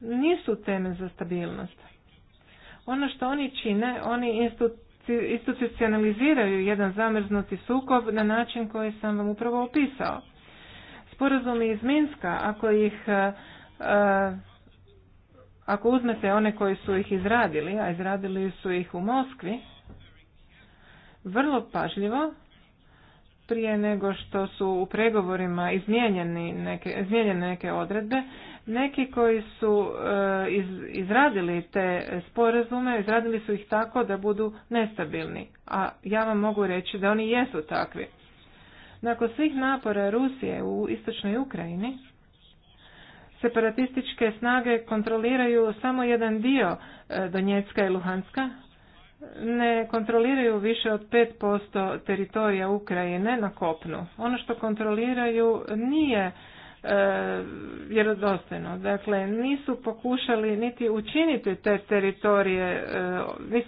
nisu teme za stabilnost. Ono što oni čine, oni institucionaliziraju jedan zamrznuti sukob na način koji sam vam upravo opisao. Sporazumi iz Minska, ako ih e, e, ako uzmete one koji su ih izradili, a izradili su ih u Moskvi, vrlo pažljivo prije nego što su u pregovorima izmijenjene neke, neke odredbe, neki koji su e, izradili te sporazume, izradili su ih tako da budu nestabilni, a ja vam mogu reći da oni jesu takvi. Nakon svih napora Rusije u istočnoj Ukrajini, separatističke snage kontroliraju samo jedan dio e, Donjecka i Luhanska, ne kontroliraju više od 5% teritorija Ukrajine na kopnu. Ono što kontroliraju nije e, vjerodostojno. Dakle, nisu pokušali niti učiniti te teritorije e,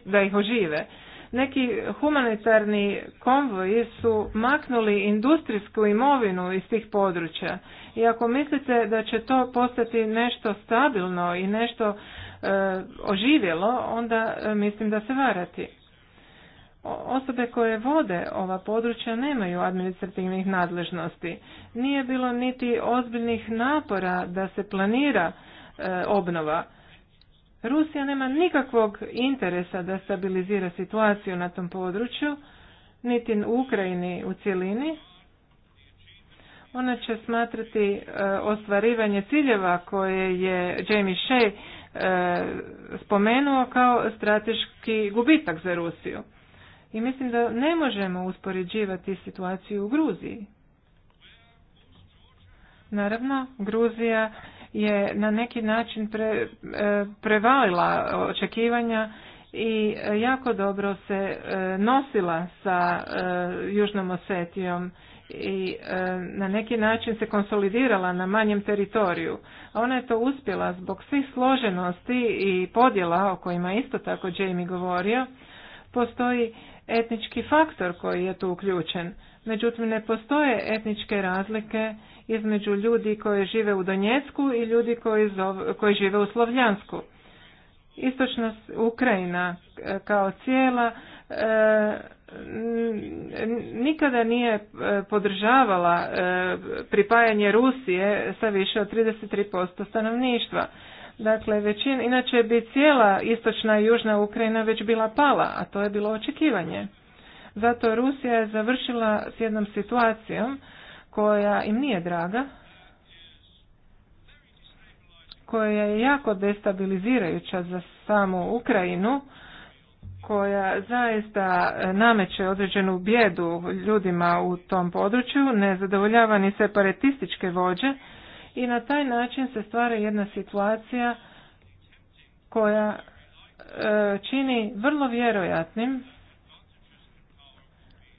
da ih ožive. Neki humanitarni konvoji su maknuli industrijsku imovinu iz tih područja i ako mislite da će to postati nešto stabilno i nešto E, oživjelo, onda e, mislim da se varati. Osobe koje vode ova područja nemaju administrativnih nadležnosti. Nije bilo niti ozbiljnih napora da se planira e, obnova. Rusija nema nikakvog interesa da stabilizira situaciju na tom području, niti u Ukrajini u cjelini. Ona će smatrati ostvarivanje ciljeva koje je Jamie Shea E, spomenuo kao strateški gubitak za Rusiju. I mislim da ne možemo uspoređivati situaciju u Gruziji. Naravno, Gruzija je na neki način pre, e, prevalila očekivanja i jako dobro se e, nosila sa Južnom Osetijom i e, na neki način se konsolidirala na manjem teritoriju. A ona je to uspjela zbog svih složenosti i podjela o kojima isto tako Jamie govorio, postoji etnički faktor koji je tu uključen. Međutim, ne postoje etničke razlike između ljudi koji žive u Donjecku i ljudi koji, koji žive u Slovljansku. Istočna Ukrajina e, kao cijela e, nikada nije e, podržavala e, pripajanje Rusije sa više od 33% stanovništva. Dakle, većin, inače bi cijela istočna i južna Ukrajina već bila pala, a to je bilo očekivanje. Zato Rusija je završila s jednom situacijom koja im nije draga, koja je jako destabilizirajuća za samu Ukrajinu, koja zaista e, nameće određenu bijedu ljudima u tom području, ne ni separatističke vođe i na taj način se stvara jedna situacija koja e, čini vrlo vjerojatnim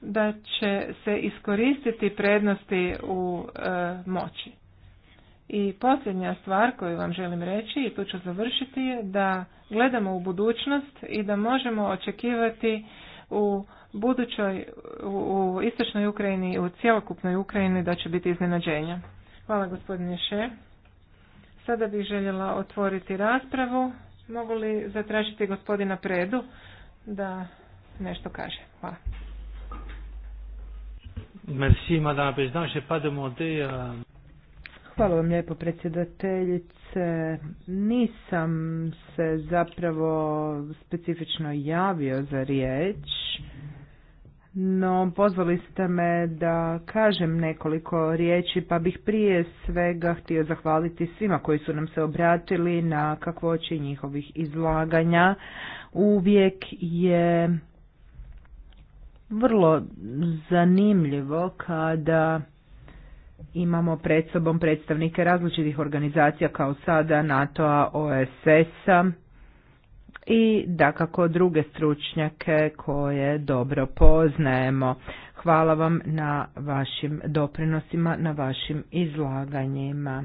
da će se iskoristiti prednosti u e, moći. I posljednja stvar koju vam želim reći i tu ću završiti je da gledamo u budućnost i da možemo očekivati u budućoj u istočnoj Ukrajini i u cjelokupnoj Ukrajini da će biti iznenađenja. Hvala gospodine Še. Sada bih željela otvoriti raspravu. Mogu li zatražiti gospodina Predu da nešto kaže? Hvala. Merci, madame Hvala vam lijepo predsjedateljice. Nisam se zapravo specifično javio za riječ, no pozvali ste me da kažem nekoliko riječi, pa bih prije svega htio zahvaliti svima koji su nam se obratili na kakvoći njihovih izlaganja. Uvijek je vrlo zanimljivo kada Imamo pred sobom predstavnike različitih organizacija kao sada NATO-a, OSS-a i dakako druge stručnjake koje dobro poznajemo. Hvala vam na vašim doprinosima, na vašim izlaganjima.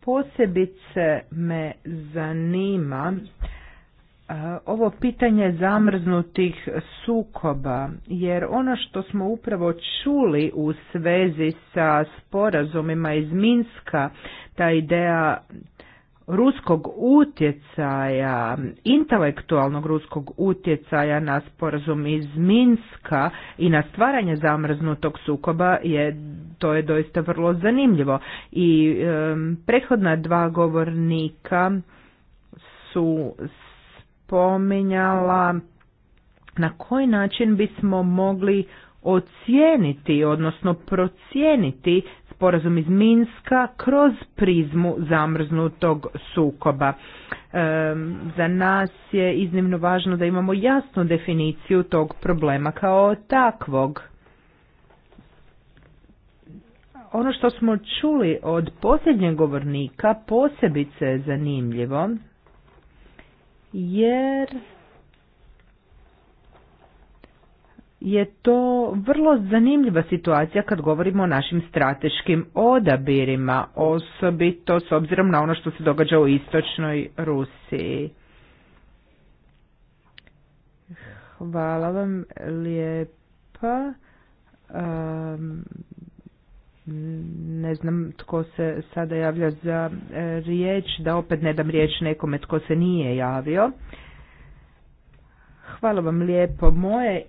Posebice me zanima ovo pitanje zamrznutih sukoba, jer ono što smo upravo čuli u svezi sa sporazumima iz Minska, ta ideja ruskog utjecaja, intelektualnog ruskog utjecaja na sporazum iz Minska i na stvaranje zamrznutog sukoba je to je doista vrlo zanimljivo. I prethodna dva govornika su spominjala na koji način bismo mogli ocijeniti, odnosno procijeniti sporazum iz Minska kroz prizmu zamrznutog sukoba. za nas je iznimno važno da imamo jasnu definiciju tog problema kao takvog. Ono što smo čuli od posljednjeg govornika posebice je zanimljivo, jer je to vrlo zanimljiva situacija kad govorimo o našim strateškim odabirima, osobito s obzirom na ono što se događa u istočnoj Rusiji. Hvala vam lijepa ne znam tko se sada javlja za e, riječ, da opet ne dam riječ nekome tko se nije javio. Hvala vam lijepo. Moje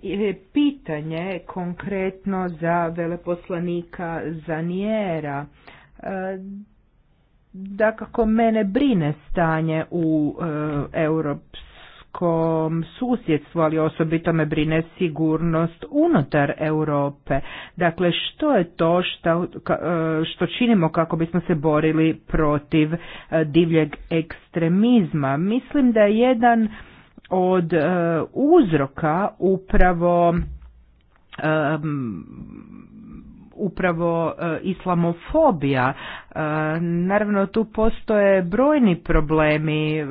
pitanje konkretno za veleposlanika Zanijera. E, da kako mene brine stanje u e, kom susjedstvu, ali osobito me brine sigurnost unutar Europe. Dakle, što je to što, e, što činimo kako bismo se borili protiv e, divljeg ekstremizma? Mislim da je jedan od e, uzroka upravo upravo e, islamofobija. E, naravno tu postoje brojni problemi e,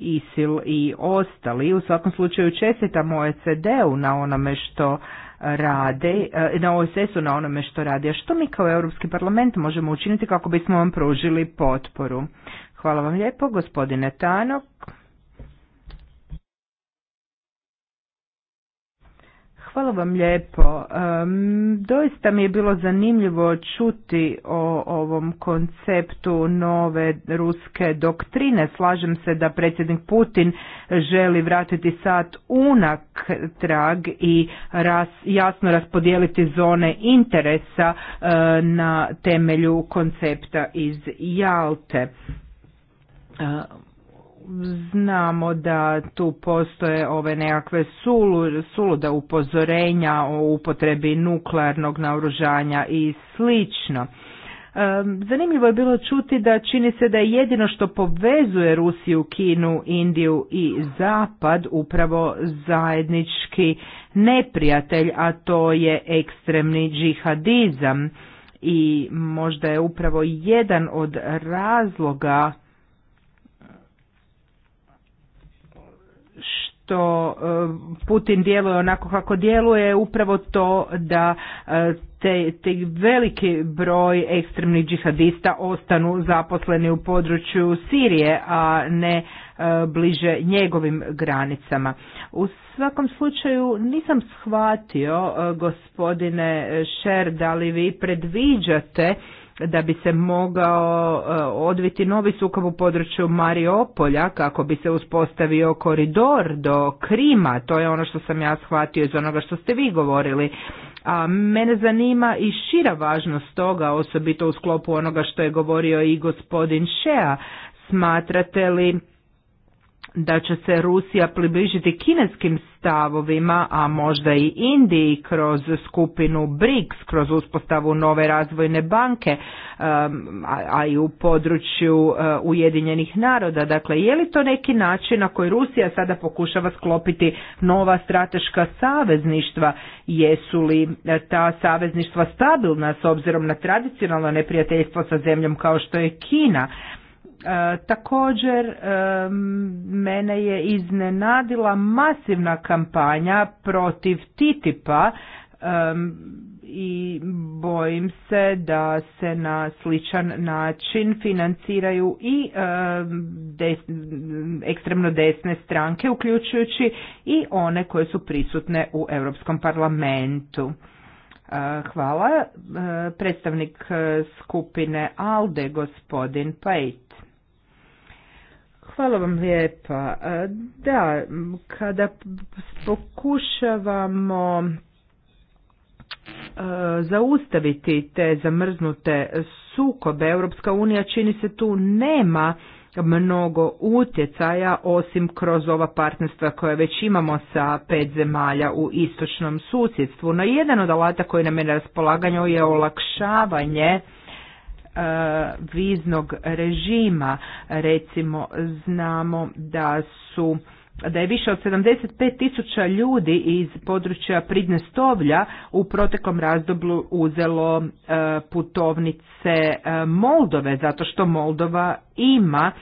ISIL i ostali. U svakom slučaju čestitam OECD-u na onome što rade, na OSS-u na onome što radi, A što mi kao Europski parlament možemo učiniti kako bismo vam pružili potporu? Hvala vam lijepo, gospodine Tanok. Hvala vam lijepo. Doista mi je bilo zanimljivo čuti o ovom konceptu nove ruske doktrine. Slažem se da predsjednik Putin želi vratiti sat unak trag i jasno raspodijeliti zone interesa na temelju koncepta iz Jalte Znamo da tu postoje ove nekakve suluda upozorenja o upotrebi nuklearnog naoružanja i slično. E, zanimljivo je bilo čuti da čini se da je jedino što povezuje Rusiju, Kinu, Indiju i Zapad upravo zajednički neprijatelj, a to je ekstremni džihadizam. I možda je upravo jedan od razloga što e, Putin djeluje onako kako djeluje upravo to da e, te, te veliki broj ekstremnih džihadista ostanu zaposleni u području Sirije, a ne e, bliže njegovim granicama. U svakom slučaju nisam shvatio gospodine Šer da li vi predviđate da bi se mogao e, odviti novi sukob u području Mariopolja kako bi se uspostavio koridor do Krima, to je ono što sam ja shvatio iz onoga što ste vi govorili. A mene zanima i šira važnost toga, osobito u sklopu onoga što je govorio i gospodin Šea. Smatrate li da će se Rusija približiti kineskim stavovima, a možda i Indiji kroz skupinu BRICS, kroz uspostavu nove razvojne banke, um, a i u području uh, Ujedinjenih naroda. Dakle, je li to neki način na koji Rusija sada pokušava sklopiti nova strateška savezništva? Jesu li uh, ta savezništva stabilna s obzirom na tradicionalno neprijateljstvo sa zemljom kao što je Kina? E, također e, mene je iznenadila masivna kampanja protiv TTIP-a e, i bojim se da se na sličan način financiraju i ekstremno desne stranke uključujući i one koje su prisutne u Europskom parlamentu. Hvala. Predstavnik skupine ALDE, gospodin Pajt. Hvala vam lijepa. E, da, kada pokušavamo e, zaustaviti te zamrznute sukobe, Europska unija čini se tu nema mnogo utjecaja osim kroz ova partnerstva koja već imamo sa pet zemalja u istočnom susjedstvu. No jedan od alata koji nam je na raspolaganju je olakšavanje E, viznog režima. Recimo znamo da su da je više od 75 tisuća ljudi iz područja Pridnestovlja u protekom razdoblju uzelo e, putovnice e, Moldove, zato što Moldova ima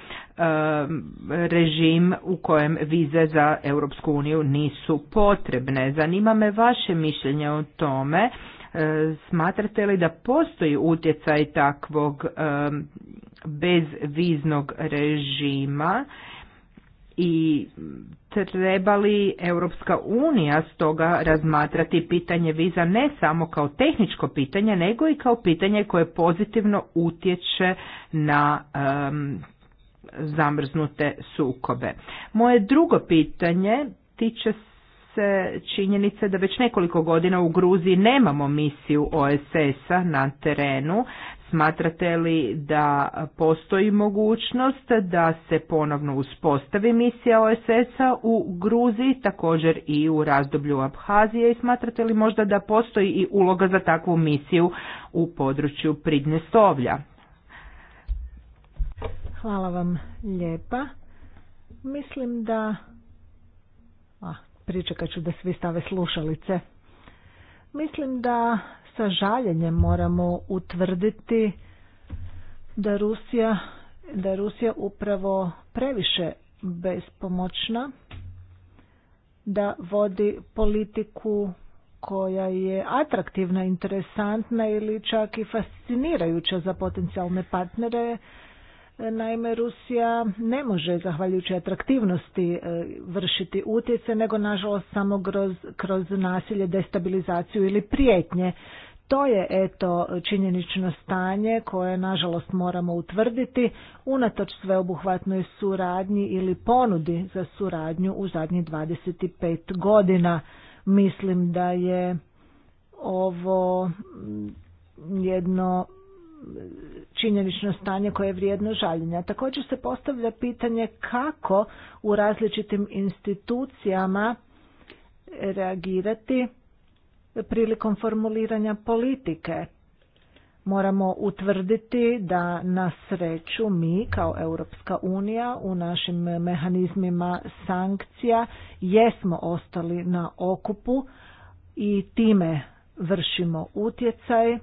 režim u kojem vize za Europsku uniju nisu potrebne. Zanima me vaše mišljenje o tome E, smatrate li da postoji utjecaj takvog e, bezviznog režima i treba li Europska unija stoga razmatrati pitanje viza ne samo kao tehničko pitanje, nego i kao pitanje koje pozitivno utječe na zamrznute sukobe. Moje drugo pitanje tiče se činjenice da već nekoliko godina u Gruziji nemamo misiju OSS-a na terenu. Smatrate li da postoji mogućnost da se ponovno uspostavi misija OSS-a u Gruziji, također i u razdoblju Abhazije i smatrate li možda da postoji i uloga za takvu misiju u području Pridnestovlja? Hvala vam lijepa. Mislim da... A, ah, Pričekat ću da svi stave slušalice. Mislim da sa žaljenjem moramo utvrditi da Rusija da je Rusija upravo previše bespomoćna da vodi politiku koja je atraktivna, interesantna ili čak i fascinirajuća za potencijalne partnere Naime, Rusija ne može, zahvaljujući atraktivnosti, e, vršiti utjece, nego nažalost samo kroz, kroz nasilje, destabilizaciju ili prijetnje. To je eto činjenično stanje koje nažalost moramo utvrditi unatoč sveobuhvatnoj suradnji ili ponudi za suradnju u zadnjih 25 godina. Mislim da je ovo jedno činjenično stanje koje je vrijedno žaljenja. Također se postavlja pitanje kako u različitim institucijama reagirati prilikom formuliranja politike. Moramo utvrditi da na sreću mi kao Europska unija u našim mehanizmima sankcija jesmo ostali na okupu i time vršimo utjecaj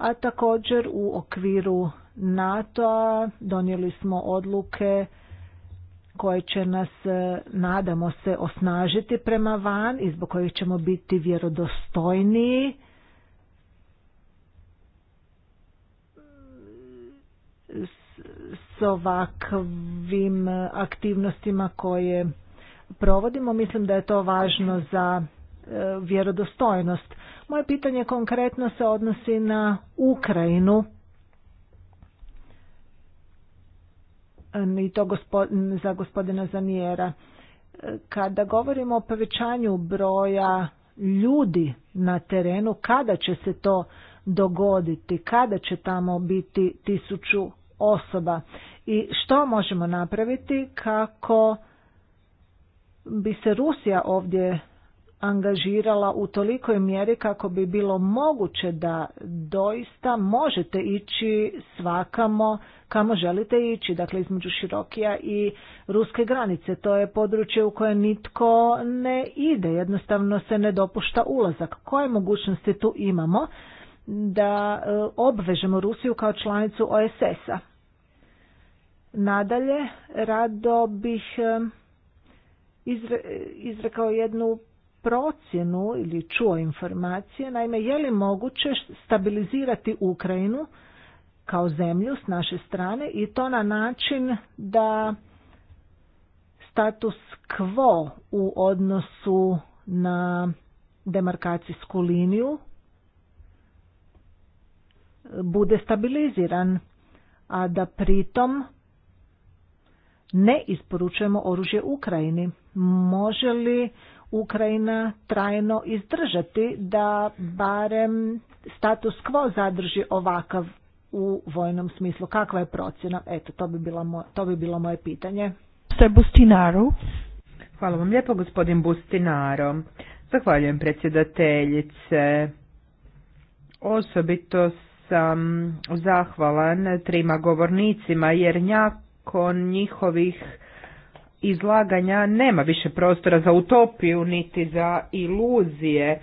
a također u okviru NATO-a donijeli smo odluke koje će nas, e, nadamo se, osnažiti prema van i zbog kojih ćemo biti vjerodostojniji. S ovakvim aktivnostima koje provodimo, mislim da je to važno za e, vjerodostojnost moje pitanje konkretno se odnosi na Ukrajinu. I to za gospodina Zanijera. Kada govorimo o povećanju broja ljudi na terenu, kada će se to dogoditi, kada će tamo biti tisuću osoba i što možemo napraviti kako bi se Rusija ovdje angažirala u tolikoj mjeri kako bi bilo moguće da doista možete ići svakamo kamo želite ići, dakle između Širokija i ruske granice. To je područje u koje nitko ne ide, jednostavno se ne dopušta ulazak. Koje mogućnosti tu imamo da e, obvežemo Rusiju kao članicu OSS-a? Nadalje, rado bih e, izrekao jednu procjenu ili čuo informacije, naime je li moguće stabilizirati Ukrajinu kao zemlju s naše strane i to na način da status quo u odnosu na demarkacijsku liniju bude stabiliziran, a da pritom ne isporučujemo oružje Ukrajini. Može li Ukrajina trajno izdržati da barem status quo zadrži ovakav u vojnom smislu. Kakva je procjena? Eto, to bi, to bi bilo moje pitanje. Bustinaru. Hvala vam lijepo, gospodin Bustinaro. Zahvaljujem predsjedateljice. Osobito sam zahvalan trima govornicima jer njakon njihovih izlaganja nema više prostora za utopiju niti za iluzije.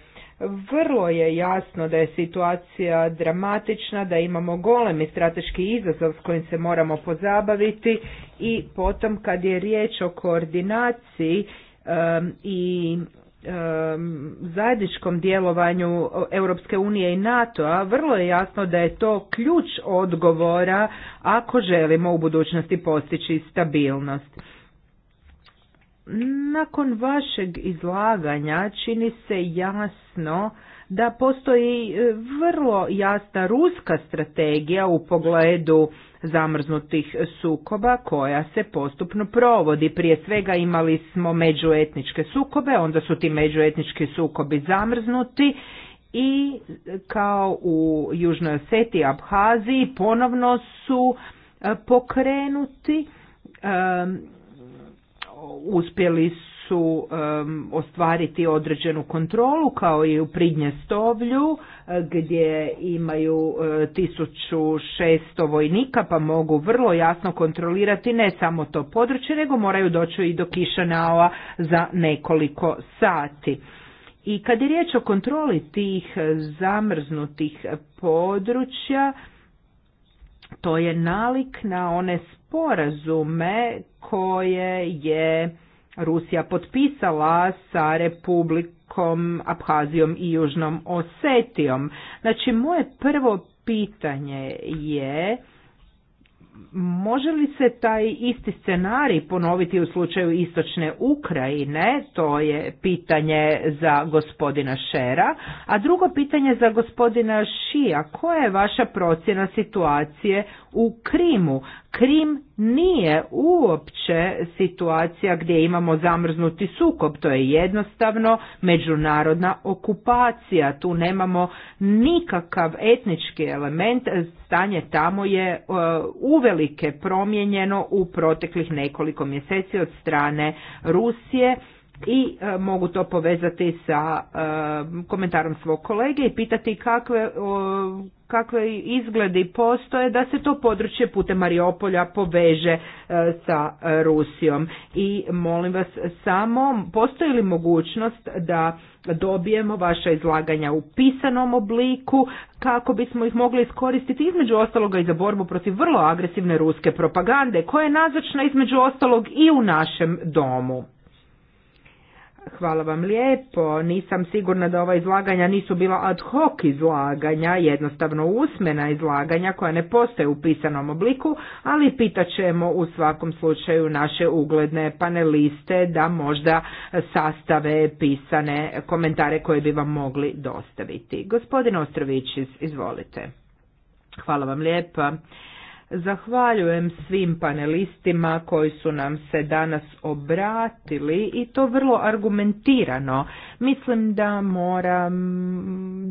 Vrlo je jasno da je situacija dramatična, da imamo golemi strateški izazov s kojim se moramo pozabaviti i potom kad je riječ o koordinaciji i zajedničkom djelovanju Europske unije i NATO-a, vrlo je jasno da je to ključ odgovora ako želimo u budućnosti postići stabilnost. Nakon vašeg izlaganja čini se jasno da postoji e, vrlo jasna ruska strategija u pogledu zamrznutih sukoba koja se postupno provodi. Prije svega imali smo međuetničke sukobe, onda su ti međuetnički sukobi zamrznuti i kao u Južnoj Oseti i Abhaziji ponovno su e, pokrenuti e, uspjeli su ostvariti određenu kontrolu kao i u Pridnjestovlju e, gdje imaju e, uh, 1600 vojnika pa mogu vrlo jasno kontrolirati ne samo to područje nego moraju doći i do Kišanaoa za nekoliko sati. I kad je riječ o kontroli tih e, zamrznutih područja, to je nalik na one sporazume koje je Rusija potpisala sa Republikom Abhazijom i Južnom Osetijom. Znači moje prvo pitanje je Može li se taj isti scenarij ponoviti u slučaju istočne Ukrajine? To je pitanje za gospodina Šera. A drugo pitanje za gospodina Šija. Koja je vaša procjena situacije u Krimu? Krim nije uopće situacija gdje imamo zamrznuti sukob, to je jednostavno međunarodna okupacija, tu nemamo nikakav etnički element, stanje tamo je e, uvelike promijenjeno u proteklih nekoliko mjeseci od strane Rusije i e, mogu to povezati sa e, komentarom svog kolege i pitati kakve, o, kakve izgledi postoje da se to područje putem Mariopolja poveže e, sa Rusijom. I molim vas samo, postoji li mogućnost da dobijemo vaša izlaganja u pisanom obliku kako bismo ih mogli iskoristiti između ostaloga i za borbu protiv vrlo agresivne ruske propagande koja je nazočna između ostalog i u našem domu. Hvala vam lijepo. Nisam sigurna da ova izlaganja nisu bila ad hoc izlaganja, jednostavno usmena izlaganja koja ne postoje u pisanom obliku, ali pitat ćemo u svakom slučaju naše ugledne paneliste da možda sastave pisane komentare koje bi vam mogli dostaviti. Gospodin Ostrović, izvolite. Hvala vam lijepa. Zahvaljujem svim panelistima koji su nam se danas obratili i to vrlo argumentirano. Mislim da moram,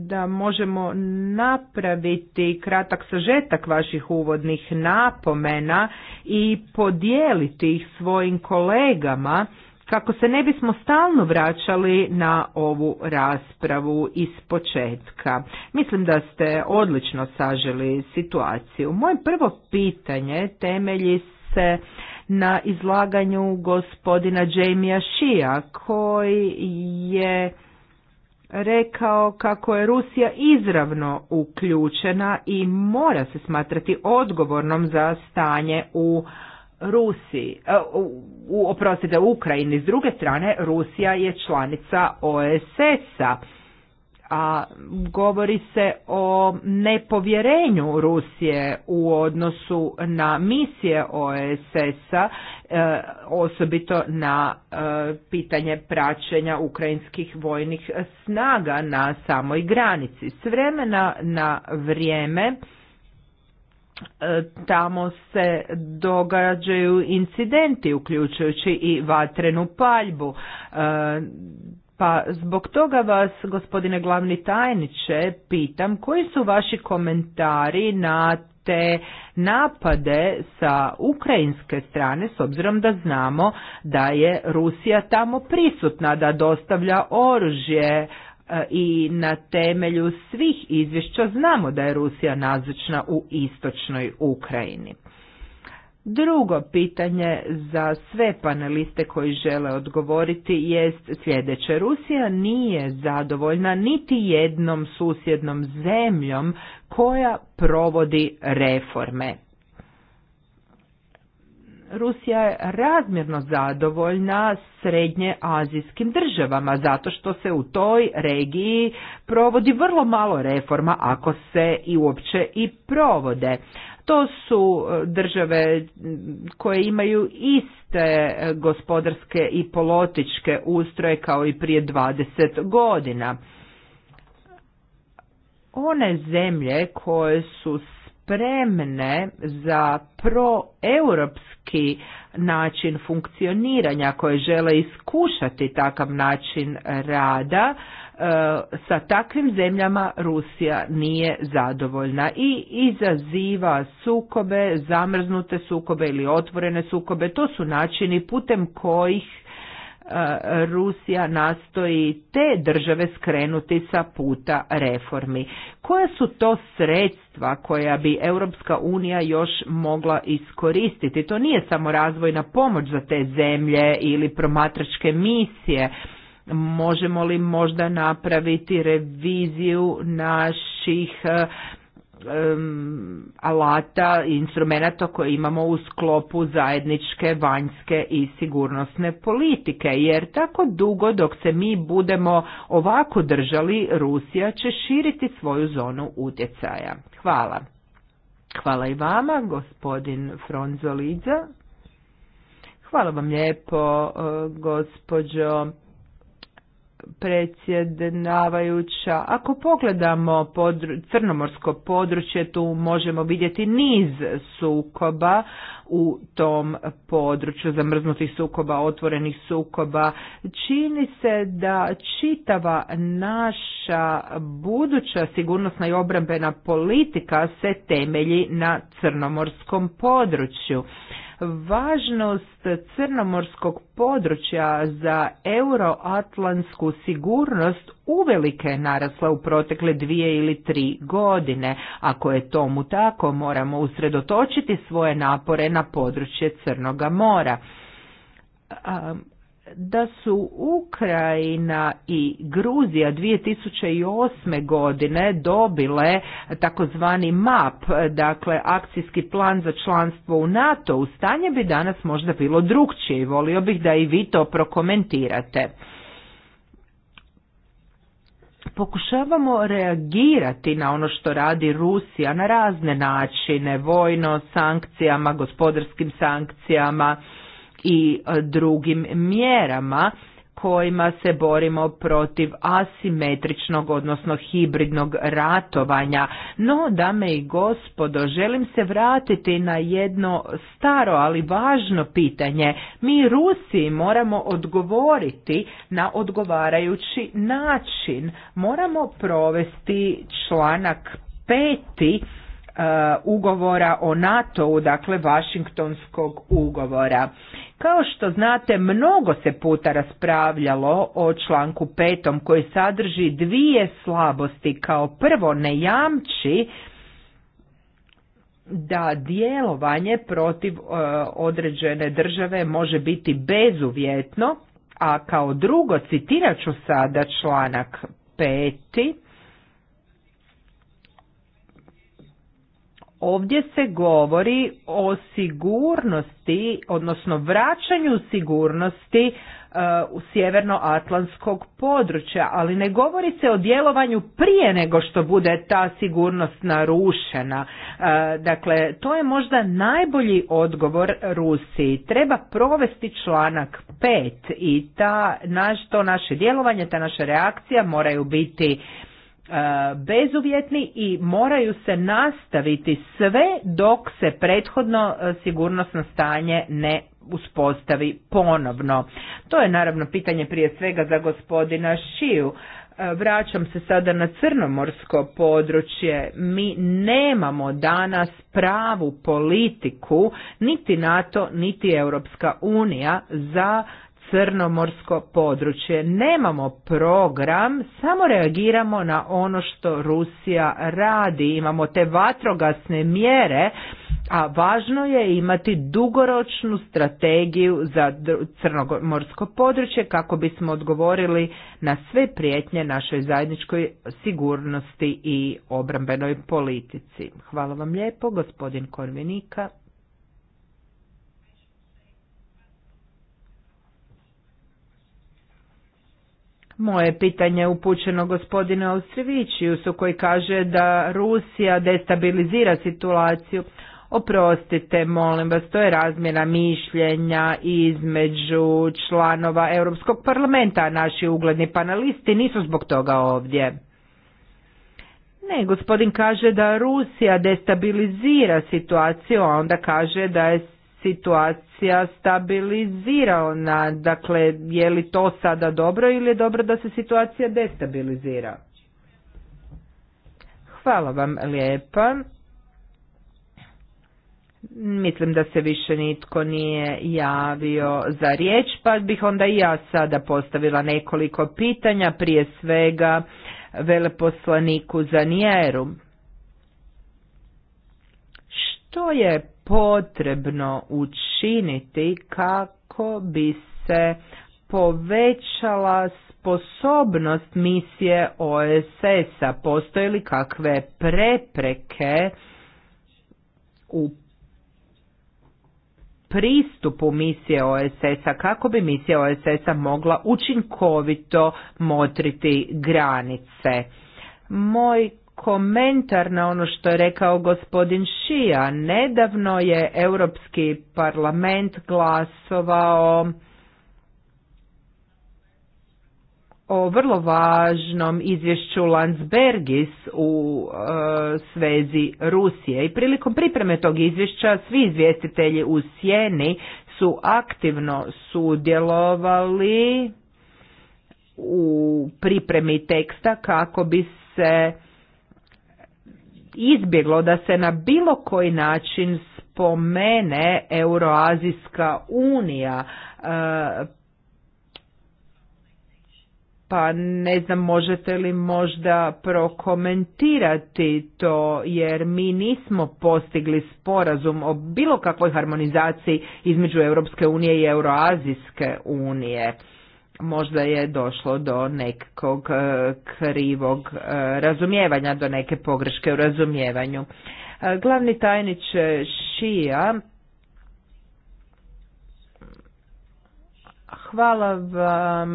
da možemo napraviti kratak sažetak vaših uvodnih napomena i podijeliti ih svojim kolegama kako se ne bismo stalno vraćali na ovu raspravu iz početka. Mislim da ste odlično saželi situaciju. Moje prvo pitanje temelji se na izlaganju gospodina Jamia Shia koji je rekao kako je Rusija izravno uključena i mora se smatrati odgovornom za stanje u Rusiji, e, u, oprostite, Ukrajini. S druge strane, Rusija je članica OSS-a, a govori se o nepovjerenju Rusije u odnosu na misije OSS-a, e, osobito na e, pitanje praćenja ukrajinskih vojnih snaga na samoj granici. S vremena na vrijeme E, tamo se događaju incidenti uključujući i vatrenu paljbu. E, pa zbog toga vas, gospodine glavni tajniče, pitam koji su vaši komentari na te napade sa ukrajinske strane, s obzirom da znamo da je Rusija tamo prisutna, da dostavlja oružje E, i na temelju svih izvješća znamo da je Rusija nazočna u istočnoj Ukrajini. Drugo pitanje za sve paneliste koji žele odgovoriti jest sljedeće. Rusija nije zadovoljna niti jednom susjednom zemljom koja provodi reforme. Rusija je razmjerno zadovoljna srednje azijskim državama zato što se u toj regiji provodi vrlo malo reforma ako se i uopće i provode. To su e, države koje imaju iste e, gospodarske i političke ustroje kao i prije 20 godina. One zemlje koje su spremne za proeuropski način funkcioniranja koje žele iskušati takav način rada, e, sa takvim zemljama Rusija nije zadovoljna i izaziva sukobe, zamrznute sukobe ili otvorene sukobe. To su načini putem kojih E, Rusija nastoji te države skrenuti sa puta reformi. Koja su to sredstva koja bi Europska unija još mogla iskoristiti? To nije samo razvojna pomoć za te zemlje ili promatračke misije. Možemo li možda napraviti reviziju naših e, alata i instrumenta koje imamo u sklopu zajedničke vanjske i sigurnosne politike jer tako dugo dok se mi budemo ovako držali Rusija će širiti svoju zonu utjecaja. Hvala. Hvala i vama, gospodin Lidza. Hvala vam lijepo, e, gospođo predsjednavajuća. Ako pogledamo podru, crnomorsko područje, tu možemo vidjeti niz sukoba u tom području, zamrznutih sukoba, otvorenih sukoba. Čini se da čitava naša buduća sigurnosna i obrambena politika se temelji na crnomorskom području. Važnost crnomorskog područja za euroatlantsku sigurnost uvelike je narasla u protekle dvije ili tri godine. Ako je tomu tako, moramo usredotočiti svoje napore na područje Crnoga mora da su Ukrajina i Gruzija 2008. godine dobile takozvani MAP, dakle akcijski plan za članstvo u NATO, u stanje bi danas možda bilo drugčije i volio bih da i vi to prokomentirate. Pokušavamo reagirati na ono što radi Rusija na razne načine, vojno, sankcijama, gospodarskim sankcijama, i e, drugim mjerama kojima se borimo protiv asimetričnog, odnosno hibridnog ratovanja. No, dame i gospodo, želim se vratiti na jedno staro, ali važno pitanje. Mi Rusiji moramo odgovoriti na odgovarajući način. Moramo provesti članak peti Eh, ugovora o NATO-u, dakle vašingtonskog ugovora. Kao što znate, mnogo se puta raspravljalo o članku petom koji sadrži dvije slabosti. Kao prvo ne jamči da djelovanje protiv eh, određene države može biti bezuvjetno, a kao drugo citirat ću sada članak peti, ovdje se govori o sigurnosti, odnosno vraćanju sigurnosti e, u sjevernoatlantskog područja, ali ne govori se o djelovanju prije nego što bude ta sigurnost narušena. E, dakle, to je možda najbolji odgovor Rusiji. Treba provesti članak 5 i ta, naš, to naše djelovanje, ta naša reakcija moraju biti E, bezuvjetni i moraju se nastaviti sve dok se prethodno e, sigurnosno stanje ne uspostavi ponovno. To je naravno pitanje prije svega za gospodina Šiju. E, vraćam se sada na crnomorsko područje. Mi nemamo danas pravu politiku niti NATO niti Europska unija za crnomorsko područje. Nemamo program, samo reagiramo na ono što Rusija radi. Imamo te vatrogasne mjere, a važno je imati dugoročnu strategiju za crnomorsko područje kako bismo odgovorili na sve prijetnje našoj zajedničkoj sigurnosti i obrambenoj politici. Hvala vam lijepo, gospodin Korvinika. Moje pitanje je upućeno gospodinu su koji kaže da Rusija destabilizira situaciju. Oprostite, molim vas, to je razmjena mišljenja između članova Europskog parlamenta, a naši ugledni panelisti nisu zbog toga ovdje. Ne, gospodin kaže da Rusija destabilizira situaciju, a onda kaže da je situacija stabilizirana. Dakle, je li to sada dobro ili je dobro da se situacija destabilizira? Hvala vam lijepa. Mislim da se više nitko nije javio za riječ, pa bih onda i ja sada postavila nekoliko pitanja, prije svega veleposlaniku Zanijeru. Što je potrebno učiniti kako bi se povećala sposobnost misije OSS-a? Postoje li kakve prepreke u pristupu misije OSS-a kako bi misija OSS-a mogla učinkovito motriti granice. Moj komentar na ono što je rekao gospodin Šija. Nedavno je Europski parlament glasovao o vrlo važnom izvješću Landsbergis u e, svezi Rusije i prilikom pripreme tog izvješća svi izvjestitelji u sjeni su aktivno sudjelovali u pripremi teksta kako bi se izbjeglo da se na bilo koji način spomene Euroazijska unija. E, pa ne znam, možete li možda prokomentirati to, jer mi nismo postigli sporazum o bilo kakvoj harmonizaciji između Europske unije i Euroazijske unije možda je došlo do nekog e, krivog e, razumijevanja, do neke pogreške u razumijevanju. E, glavni tajnič Šija, hvala vam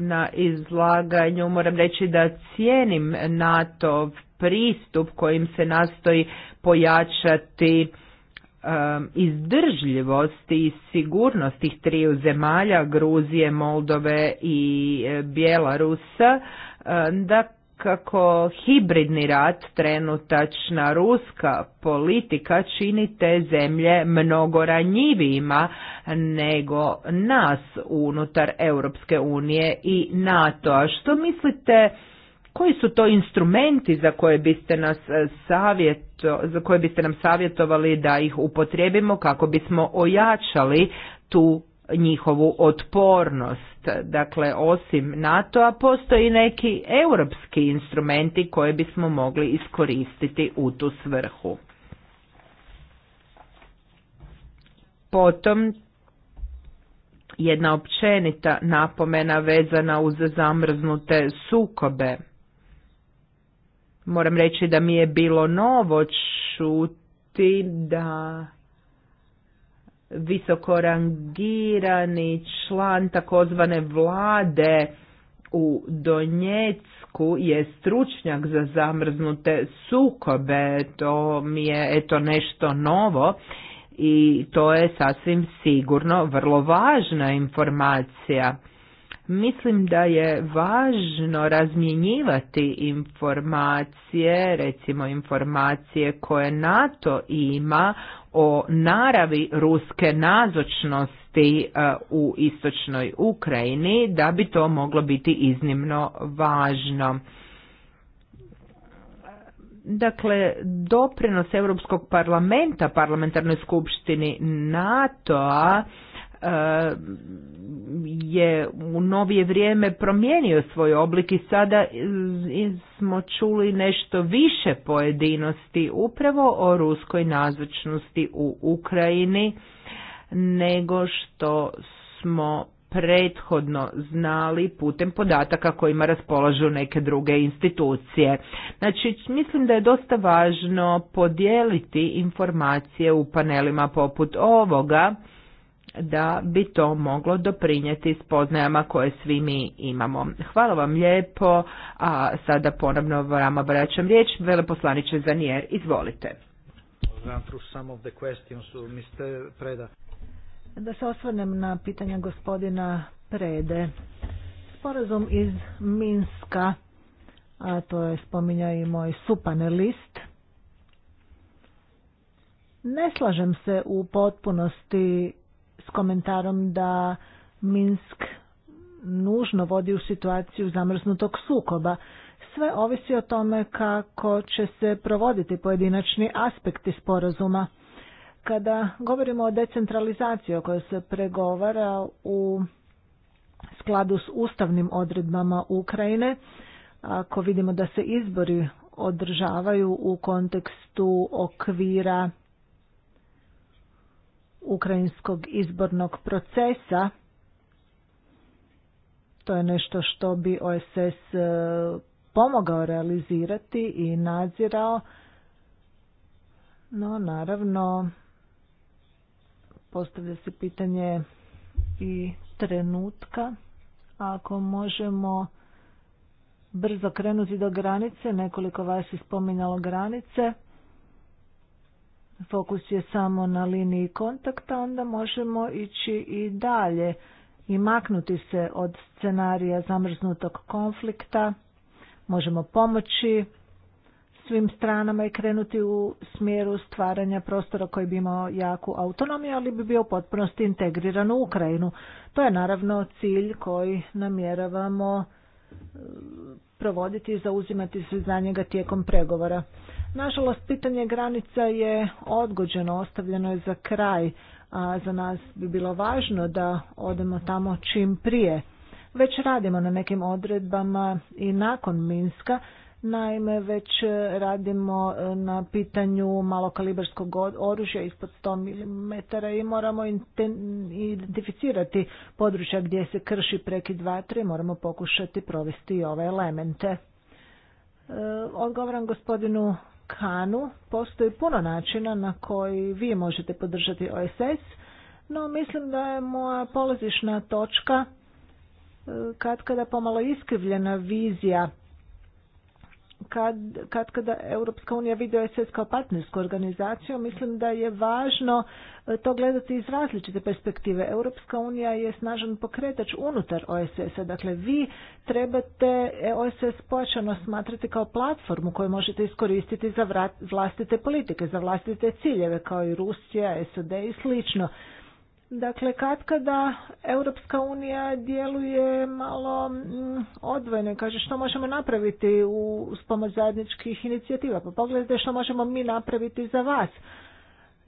na izlaganju. Moram reći da cijenim NATO pristup kojim se nastoji pojačati Um, izdržljivosti i sigurnosti tih triju zemalja, Gruzije, Moldove i e, Bjelarusa, e, da kako hibridni rat trenutačna ruska politika čini te zemlje mnogo ranjivijima nego nas unutar Europske unije i NATO. A što mislite koji su to instrumenti za koje biste nas e, za koje biste nam savjetovali da ih upotrijebimo kako bismo ojačali tu njihovu otpornost. Dakle, osim NATO-a postoji neki europski instrumenti koje bismo mogli iskoristiti u tu svrhu. Potom jedna općenita napomena vezana uz zamrznute sukobe. Moram reći da mi je bilo novo čuti da visokorangirani član takozvane vlade u Donjecku je stručnjak za zamrznute sukobe. To mi je eto nešto novo i to je sasvim sigurno vrlo važna informacija. Mislim da je važno razmjenjivati informacije, recimo informacije koje NATO ima o naravi ruske nazočnosti e, u istočnoj Ukrajini, da bi to moglo biti iznimno važno. Dakle, doprinos Europskog parlamenta, parlamentarnoj skupštini NATO-a, Eh, je u novije vrijeme promijenio svoj oblik i sada smo čuli nešto više pojedinosti upravo o ruskoj nazočnosti u Ukrajini nego što smo prethodno znali putem podataka kojima raspolažu neke druge institucije. Znači, mislim da je dosta važno podijeliti informacije u panelima poput ovoga da bi to moglo doprinijeti spoznajama koje svi mi imamo. Hvala vam lijepo, a sada ponovno vam vraćam riječ, veleposlaniče Zanijer, izvolite. Da se osvrnem na pitanja gospodina Prede. Sporazum iz Minska, a to je spominjao i moj supanelist, ne slažem se u potpunosti s komentarom da Minsk nužno vodi u situaciju zamrznutog sukoba. Sve ovisi o tome kako će se provoditi pojedinačni aspekti sporazuma. Kada govorimo o decentralizaciji o kojoj se pregovara u skladu s ustavnim odredbama Ukrajine, ako vidimo da se izbori održavaju u kontekstu okvira ukrajinskog izbornog procesa. To je nešto što bi OSS e, pomogao realizirati i nadzirao. No, naravno, postavlja se pitanje i trenutka. Ako možemo brzo krenuti do granice, nekoliko vas je spominjalo granice fokus je samo na liniji kontakta, onda možemo ići i dalje i maknuti se od scenarija zamrznutog konflikta. Možemo pomoći svim stranama i krenuti u smjeru stvaranja prostora koji bi imao jaku autonomiju, ali bi bio potpunosti integriran u Ukrajinu. To je naravno cilj koji namjeravamo eh, provoditi i zauzimati se za njega tijekom pregovora. Nažalost, pitanje granica je odgođeno, ostavljeno je za kraj, a za nas bi bilo važno da odemo tamo čim prije. Već radimo na nekim odredbama i nakon Minska, naime već radimo e, na pitanju malokalibarskog oružja ispod 100 mm i moramo identificirati područja gdje se krši prekid vatre i moramo pokušati provesti i ove elemente. E, Odgovoram gospodinu kanu, postoji puno načina na koji vi možete podržati OSS, no mislim da je moja polazišna točka e, kad kada pomalo iskrivljena vizija kad, kad kada Europska unija vidi OSS kao partnersku organizaciju, mislim da je važno e, to gledati iz različite perspektive. Europska unija je snažan pokretač unutar oss dakle vi trebate e, OSS pojačano smatrati kao platformu koju možete iskoristiti za vlastite politike, za vlastite ciljeve kao i Rusija, SAD i slično. Dakle, kad kada Europska unija djeluje malo mm, odvojeno, kaže što možemo napraviti u, s pomoć zajedničkih inicijativa. Pa pogledajte što možemo mi napraviti za vas.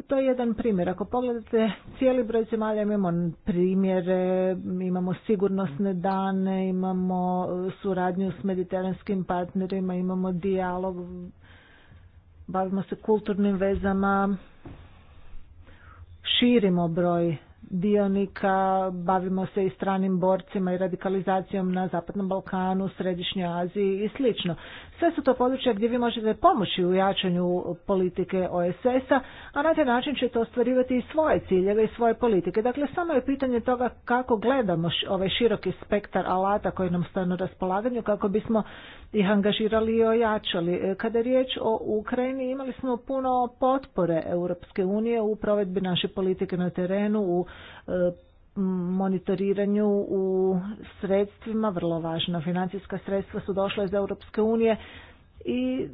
To je jedan primjer. Ako pogledate cijeli broj zemalja, imamo primjere, imamo sigurnosne dane, imamo e, suradnju s mediteranskim partnerima, imamo dijalog, bavimo se kulturnim vezama, širimo broj dionika, bavimo se i stranim borcima i radikalizacijom na Zapadnom Balkanu, Središnjoj Aziji i sl. Sve su to područja gdje vi možete pomoći u jačanju politike OSS-a, a na taj način ćete ostvarivati i svoje ciljeve i svoje politike. Dakle, samo je pitanje toga kako gledamo ovaj široki spektar alata koji nam stoje na raspolaganju kako bismo ih angažirali i ojačali. E, kada je riječ o Ukrajini, imali smo puno potpore Europske unije u provedbi naše politike na terenu, u E, monitoriranju u sredstvima, vrlo važno, financijska sredstva su došla iz Europske unije i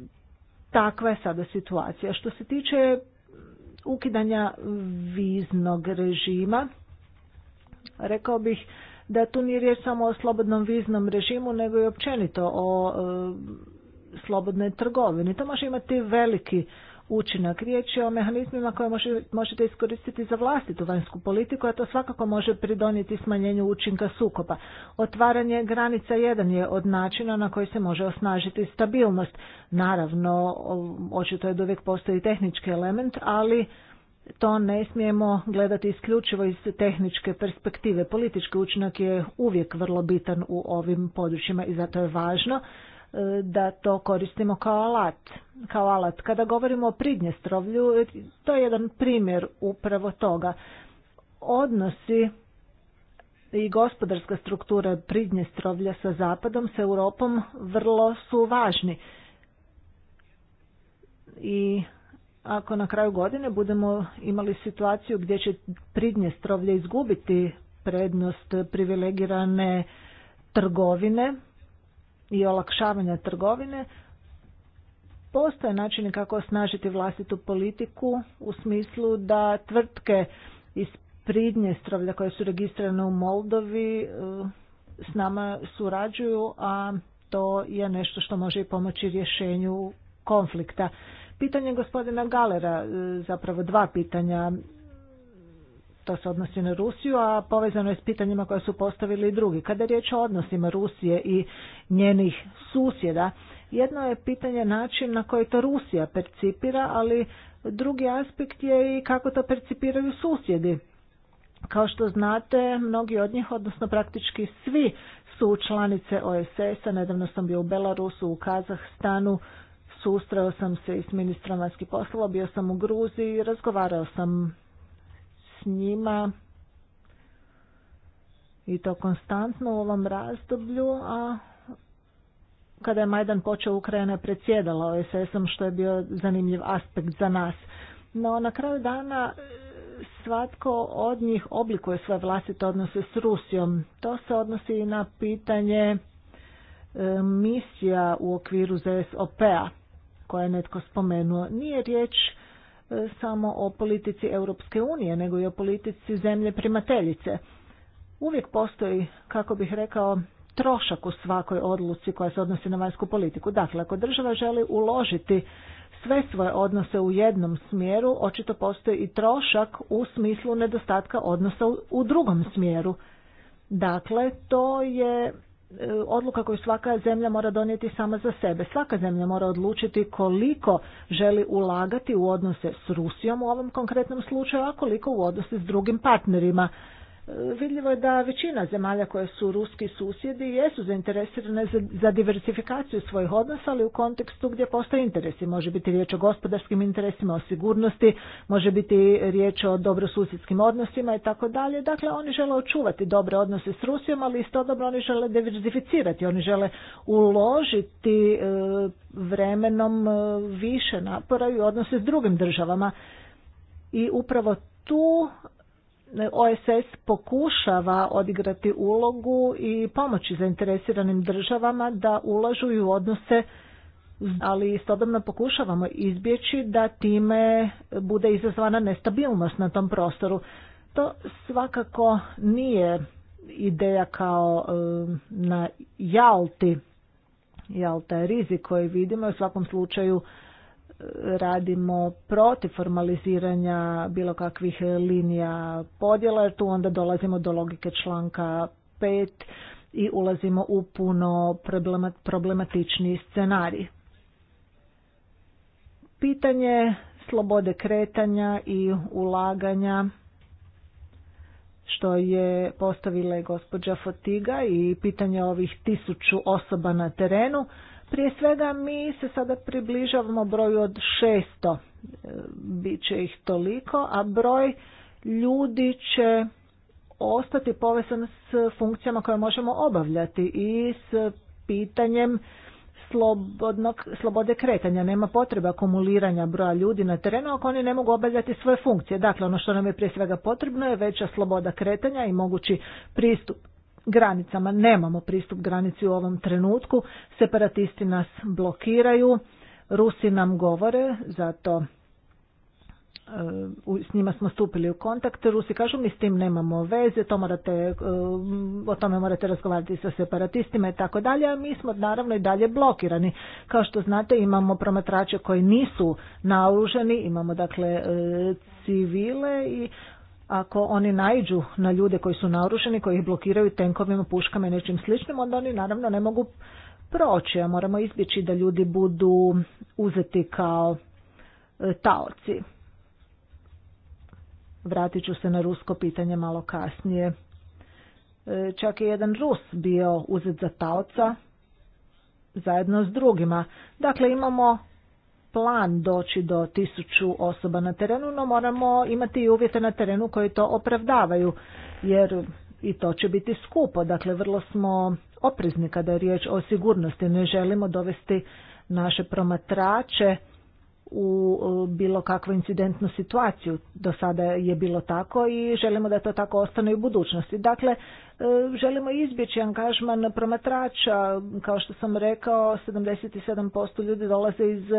takva je sada situacija. Što se tiče ukidanja viznog režima, rekao bih da tu nije riječ samo o slobodnom viznom režimu, nego i općenito o e, slobodnoj trgovini. To može imati veliki učinak. Riječ je o mehanizmima koje možete iskoristiti za vlastitu vanjsku politiku, a to svakako može pridonijeti smanjenju učinka sukoba. Otvaranje granica jedan je od načina na koji se može osnažiti stabilnost. Naravno, očito je da uvijek postoji tehnički element, ali to ne smijemo gledati isključivo iz tehničke perspektive. Politički učinak je uvijek vrlo bitan u ovim područjima i zato je važno E, da to koristimo kao alat. Kao alat. Kada govorimo o Pridnjestrovlju, e, to je jedan primjer upravo toga. Odnosi i gospodarska struktura Pridnjestrovlja sa Zapadom, sa Europom, vrlo su važni. I ako na kraju godine budemo imali situaciju gdje će Pridnjestrovlje izgubiti prednost privilegirane trgovine, i olakšavanja trgovine, postoje načini kako osnažiti vlastitu politiku u smislu da tvrtke iz Pridnjestrovlja koje su registrirane u Moldovi e, s nama surađuju, a to je nešto što može i pomoći rješenju konflikta. Pitanje gospodina Galera, e, zapravo dva pitanja to se odnosi na Rusiju, a povezano je s pitanjima koja su postavili i drugi. Kada je riječ o odnosima Rusije i njenih susjeda, jedno je pitanje način na koji to Rusija percipira, ali drugi aspekt je i kako to percipiraju susjedi. Kao što znate, mnogi od njih, odnosno praktički svi, su članice OSS-a. Nedavno sam bio u Belarusu, u Kazahstanu, sustrao sam se i s ministrom vanjskih poslova, bio sam u Gruziji, razgovarao sam s njima i to konstantno u ovom razdoblju, a kada je Majdan počeo Ukrajina predsjedala OSS-om što je bio zanimljiv aspekt za nas. No na kraju dana e, svatko od njih oblikuje svoje vlastite odnose s Rusijom. To se odnosi i na pitanje e, misija u okviru ZSOP-a koje je netko spomenuo. Nije riječ samo o politici Europske unije, nego i o politici zemlje primateljice. Uvijek postoji, kako bih rekao, trošak u svakoj odluci koja se odnosi na vanjsku politiku. Dakle, ako država želi uložiti sve svoje odnose u jednom smjeru, očito postoji i trošak u smislu nedostatka odnosa u drugom smjeru. Dakle, to je E, odluka koju svaka zemlja mora donijeti sama za sebe. Svaka zemlja mora odlučiti koliko želi ulagati u odnose s Rusijom u ovom konkretnom slučaju, a koliko u odnose s drugim partnerima vidljivo je da većina zemalja koje su ruski susjedi jesu zainteresirane za diversifikaciju svojih odnosa, ali u kontekstu gdje postoje interesi. Može biti riječ o gospodarskim interesima, o sigurnosti, može biti riječ o dobrosusjedskim odnosima i tako dalje. Dakle, oni žele očuvati dobre odnose s Rusijom, ali istodobno oni žele diversificirati, oni žele uložiti e, vremenom e, više napora i odnose s drugim državama. I upravo tu OSS pokušava odigrati ulogu i pomoći zainteresiranim državama da ulažu i u odnose ali istodobno pokušavamo izbjeći da time bude izazvana nestabilnost na tom prostoru. To svakako nije ideja kao na Jalti. Jalta je rizik koji vidimo u svakom slučaju radimo protiv formaliziranja bilo kakvih linija podjela tu onda dolazimo do logike članka 5 i ulazimo u puno problematičniji scenarij. Pitanje slobode kretanja i ulaganja što je postavila gospođa Fotiga i pitanje ovih tisuću osoba na terenu prije svega mi se sada približavamo broju od 600, e, bit će ih toliko, a broj ljudi će ostati povezan s funkcijama koje možemo obavljati i s pitanjem slobodnog, slobode kretanja. Nema potreba akumuliranja broja ljudi na terenu ako oni ne mogu obavljati svoje funkcije. Dakle, ono što nam je prije svega potrebno je veća sloboda kretanja i mogući pristup granicama. Nemamo pristup granici u ovom trenutku, separatisti nas blokiraju, Rusi nam govore, zato e, s njima smo stupili u kontakt, Rusi kažu mi s tim nemamo veze, to morate, e, o tome morate razgovarati sa separatistima i tako dalje, a mi smo naravno i dalje blokirani. Kao što znate imamo promatrače koji nisu naoruženi, imamo dakle e, civile i ako oni naiđu na ljude koji su narušeni, koji ih blokiraju tenkovima, puškama i nečim sličnim, onda oni naravno ne mogu proći, a moramo izbjeći da ljudi budu uzeti kao e, taoci. Vratit ću se na rusko pitanje malo kasnije. E, čak je jedan Rus bio uzet za taoca zajedno s drugima. Dakle, imamo plan doći do tisuću osoba na terenu, no moramo imati i uvjete na terenu koji to opravdavaju, jer i to će biti skupo. Dakle, vrlo smo oprezni kada je riječ o sigurnosti. Ne želimo dovesti naše promatrače u e, bilo kakvu incidentnu situaciju. Do sada je bilo tako i želimo da to tako ostane i u budućnosti. Dakle, e, želimo izbjeći angažman promatrača. Kao što sam rekao, 77% ljudi dolaze iz, e,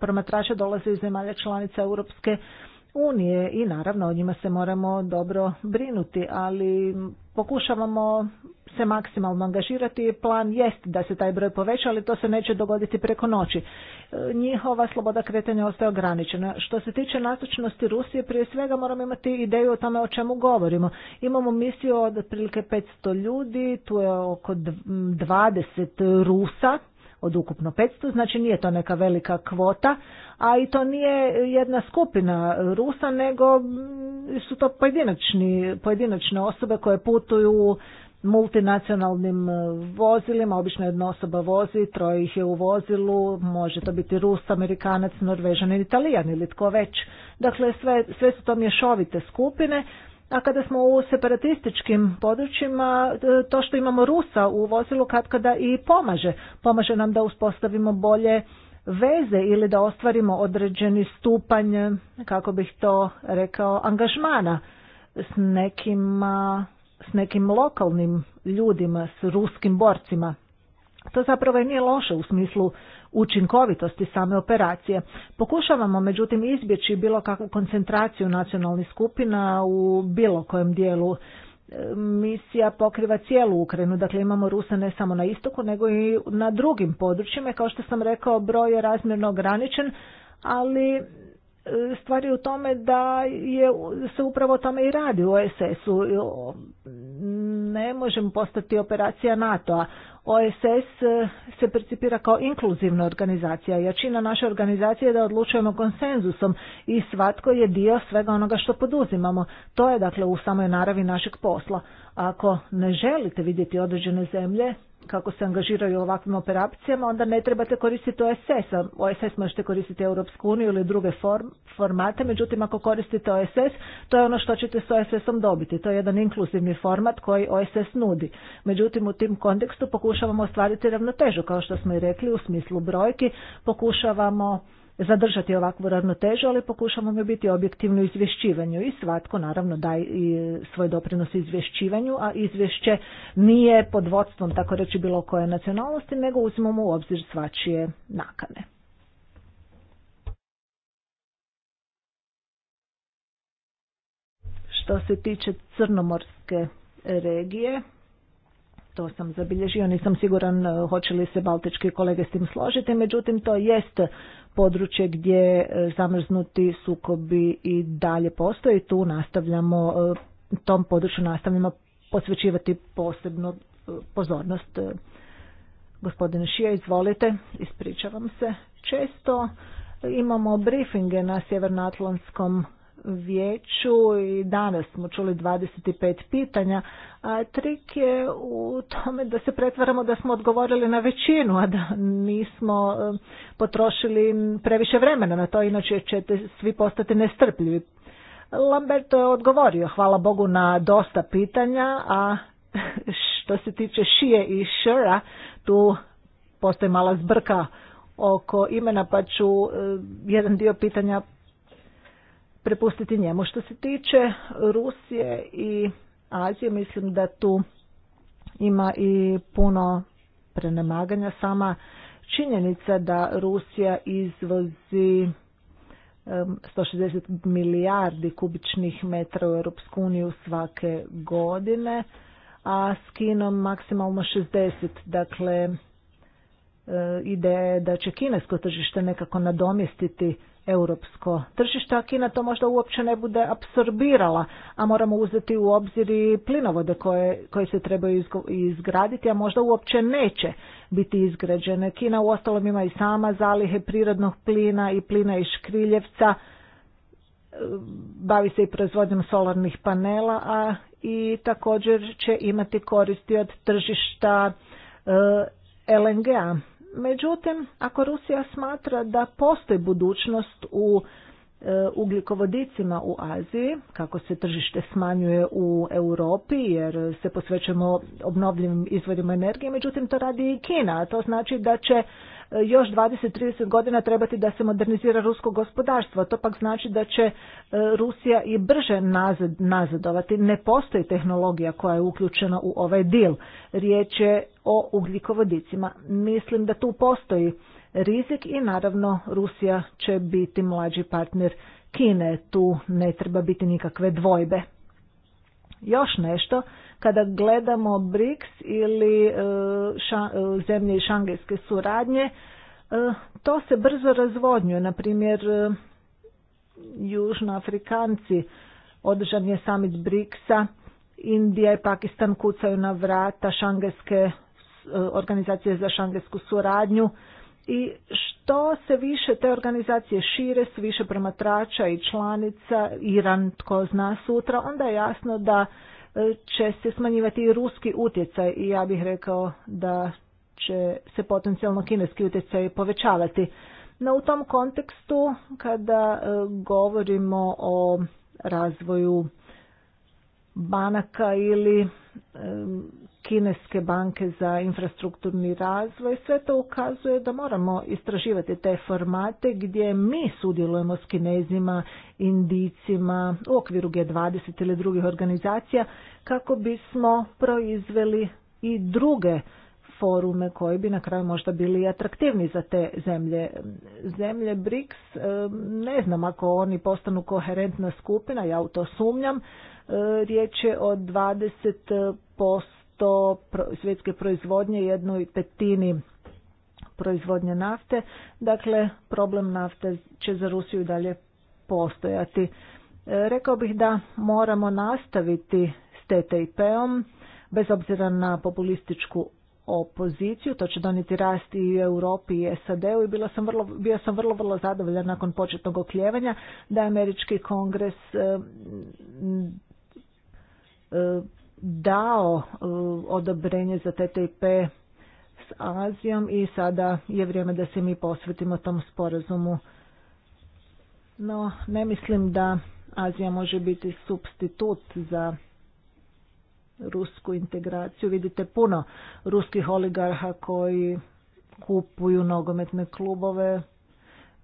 promatrača dolaze iz zemalja članica Europske unije i naravno o njima se moramo dobro brinuti, ali pokušavamo se maksimalno angažirati. Plan jest da se taj broj poveća, ali to se neće dogoditi preko noći. E, njihova sloboda kretanja ostaje ograničena. Što se tiče nazočnosti Rusije, prije svega moramo imati ideju o tome o čemu govorimo. Imamo misiju od otprilike 500 ljudi, tu je oko 20 Rusa, od ukupno 500, znači nije to neka velika kvota, a i to nije jedna skupina Rusa, nego su to pojedinačni, pojedinačne osobe koje putuju multinacionalnim e, vozilima, obično jedna osoba vozi, troje ih je u vozilu, može to biti Rus, Amerikanac, Norvežan ili Italijan ili tko već. Dakle, sve, sve su to mješovite skupine a kada smo u separatističkim područjima, e, to što imamo Rusa u vozilu katkada i pomaže. Pomaže nam da uspostavimo bolje veze ili da ostvarimo određeni stupanj, kako bih to rekao, angažmana s nekim, s nekim lokalnim ljudima, s ruskim borcima. To zapravo i nije loše u smislu učinkovitosti same operacije. Pokušavamo međutim izbjeći bilo kakvu koncentraciju nacionalnih skupina u bilo kojem dijelu e, misija pokriva cijelu Ukrajinu. Dakle, imamo Rusa ne samo na istoku, nego i na drugim područjima. Kao što sam rekao, broj je razmjerno ograničen, ali e, stvar je u tome da je, se upravo tome i radi u OSS-u. E, ne možemo postati operacija NATO-a. OSS e, se percipira kao inkluzivna organizacija. Jačina naše organizacije je da odlučujemo konsenzusom i svatko je dio svega onoga što poduzimamo. To je dakle u samoj naravi našeg posla. Ako ne želite vidjeti određene zemlje, kako se angažiraju u ovakvim operacijama, onda ne trebate koristiti OSS. OSS možete koristiti Europsku uniju ili druge formate, međutim ako koristite OSS, to je ono što ćete s OSS-om dobiti. To je jedan inkluzivni format koji OSS nudi. Međutim, u tim kontekstu pokušavamo ostvariti ravnotežu, kao što smo i rekli, u smislu brojki, pokušavamo zadržati ovakvu ravnotežu, ali pokušamo mi biti objektivno u izvješćivanju i svatko naravno daje i svoj doprinos izvješćivanju, a izvješće nije pod vodstvom, tako reći, bilo koje nacionalnosti, nego uzimamo u obzir svačije nakane. Što se tiče crnomorske regije, to sam zabilježio, nisam siguran eh, hoće li se baltički kolege s tim složiti, međutim to jest područje gdje e, zamrznuti sukobi i dalje postoje i tu nastavljamo, e, tom području nastavljamo posvećivati posebnu e, pozornost. Gospodine Šija, izvolite, ispričavam se. Često imamo briefinge na Sjevernoatlantskom vijeću i danas smo čuli 25 pitanja, a trik je u tome da se pretvaramo da smo odgovorili na većinu, a da nismo eh, potrošili previše vremena na to, inače ćete svi postati nestrpljivi. Lamberto je odgovorio, hvala Bogu, na dosta pitanja, a što se tiče šije i šera, tu postoji mala zbrka oko imena, pa ću eh, jedan dio pitanja prepustiti njemu. Što se tiče Rusije i Azije, mislim da tu ima i puno prenemaganja. Sama činjenica da Rusija izvozi 160 milijardi kubičnih metra u Europsku uniju svake godine, a s Kinom maksimalno 60. Dakle, e, ideja je da će kinesko tržište nekako nadomjestiti europsko tržište, a Kina to možda uopće ne bude apsorbirala, a moramo uzeti u obzir i plinovode koje, koje se trebaju izgraditi, a možda uopće neće biti izgrađene. Kina uostalom ima i sama zalihe prirodnog plina i plina iz škriljevca, e, bavi se i proizvodnjom solarnih panela, a i također će imati koristi od tržišta e, LNG-a. Međutim, ako Rusija smatra da postoji budućnost u e, ugljikovodicima u Aziji, kako se tržište smanjuje u Europi jer se posvećujemo obnovljivim izvorima energije, međutim to radi i Kina, a to znači da će još 20-30 godina trebati da se modernizira rusko gospodarstvo. To pak znači da će e, Rusija i brže nazad, nazadovati. Ne postoji tehnologija koja je uključena u ovaj dil. Riječ je o ugljikovodicima. Mislim da tu postoji rizik i naravno Rusija će biti mlađi partner Kine. Tu ne treba biti nikakve dvojbe. Još nešto kada gledamo BRICS ili e, e, zemlje i šangajske suradnje, e, to se brzo razvodnjuje. Naprimjer, Južnoafrikanci održan je summit BRICS-a, Indija i Pakistan kucaju na vrata šangajske organizacije za šangajsku suradnju i što se više te organizacije šire, s više promatrača i članica, Iran tko zna sutra, onda je jasno da će se smanjivati i ruski utjecaj i ja bih rekao da će se potencijalno kineski utjecaj povećavati. No u tom kontekstu kada e, govorimo o razvoju banaka ili Kineske banke za infrastrukturni razvoj, sve to ukazuje da moramo istraživati te formate gdje mi sudjelujemo s Kinezima, Indicima, u okviru G20 ili drugih organizacija, kako bismo proizveli i druge forume koji bi na kraju možda bili atraktivni za te zemlje. Zemlje BRICS, e, ne znam ako oni postanu koherentna skupina, ja u to sumnjam, e, riječ je o 20% to svjetske proizvodnje, jednoj petini proizvodnje nafte. Dakle, problem nafte će za Rusiju dalje postojati. E, rekao bih da moramo nastaviti s TTIP-om, bez obzira na populističku opoziciju, to će doniti rast i u Europi i SAD-u i bila sam vrlo, bio sam vrlo, vrlo zadovoljan nakon početnog okljevanja da je Američki kongres e, e dao e, odobrenje za TTP s Azijom i sada je vrijeme da se mi posvetimo tom sporazumu. No, ne mislim da Azija može biti substitut za rusku integraciju. Vidite puno ruskih oligarha koji kupuju nogometne klubove,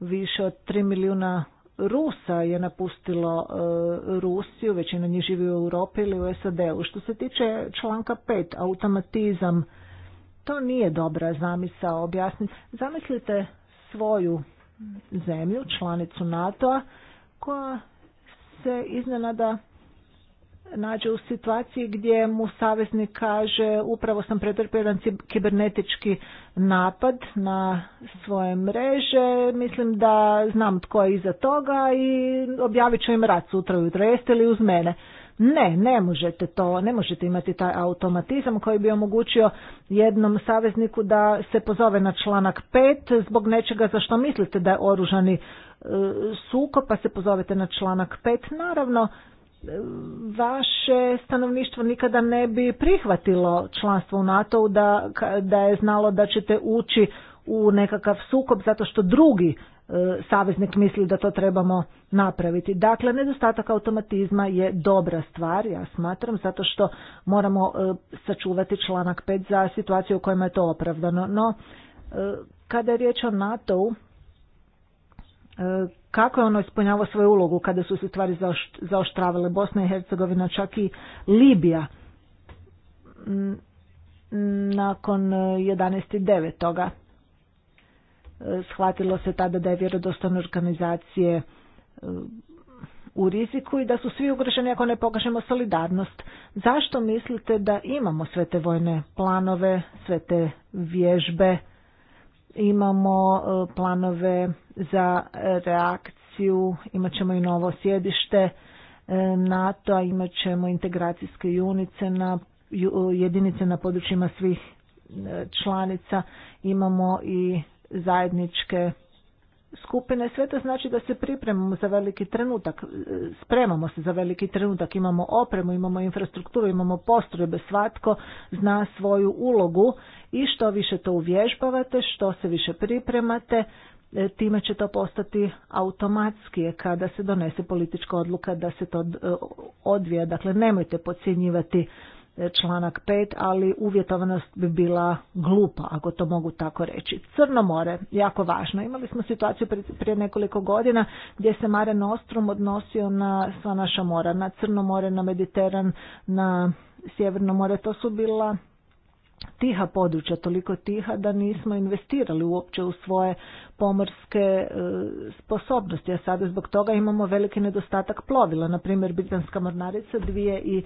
više od 3 milijuna Rusa je napustilo e, Rusiju, većina njih živi u Europi ili u SAD-u. Što se tiče članka 5, automatizam, to nije dobra zamisao objasniti. Zamislite svoju zemlju, članicu NATO-a, koja se iznenada nađe u situaciji gdje mu saveznik kaže upravo sam pretrpio jedan kibernetički napad na svoje mreže, mislim da znam tko je iza toga i objavit ću im rad sutra ujutro, jeste li uz mene? Ne, ne možete to, ne možete imati taj automatizam koji bi omogućio jednom savezniku da se pozove na članak 5 zbog nečega za što mislite da je oružani e, sukob, pa se pozovete na članak 5. Naravno, vaše stanovništvo nikada ne bi prihvatilo članstvo u NATO-u da, da je znalo da ćete ući u nekakav sukob zato što drugi e, saveznik misli da to trebamo napraviti. Dakle, nedostatak automatizma je dobra stvar, ja smatram, zato što moramo e, sačuvati članak 5 za situaciju u kojima je to opravdano. No, e, kada je riječ o NATO-u, e, kako je ono ispunjavao svoju ulogu kada su se stvari zaoštravale Bosna i Hercegovina, čak i Libija mm, nakon 11.9. E, toga. E, shvatilo se tada da je vjerodostavna organizacije e, u riziku i da su svi ugroženi ako ne pokažemo solidarnost. Zašto mislite da imamo sve te vojne planove, sve te vježbe? imamo e, planove za e, reakciju, imat ćemo i novo sjedište e, NATO-a, imat ćemo integracijske unice na, jedinice na područjima svih članica, imamo i zajedničke skupine, sve to znači da se pripremamo za veliki trenutak, e, spremamo se za veliki trenutak, imamo opremu, imamo infrastrukturu, imamo postrojbe, svatko zna svoju ulogu i što više to uvježbavate, što se više pripremate, e, time će to postati automatski kada se donese politička odluka da se to e, odvija. Dakle, nemojte podcjenjivati članak 5, ali uvjetovanost bi bila glupa, ako to mogu tako reći. Crno more, jako važno. Imali smo situaciju prije nekoliko godina gdje se Mare Nostrum odnosio na sva naša mora, na Crno more, na Mediteran, na Sjeverno more. To su bila tiha područja, toliko tiha da nismo investirali uopće u svoje pomorske e, sposobnosti, a sada zbog toga imamo veliki nedostatak plovila. Na primjer, Britanska mornarica 2013.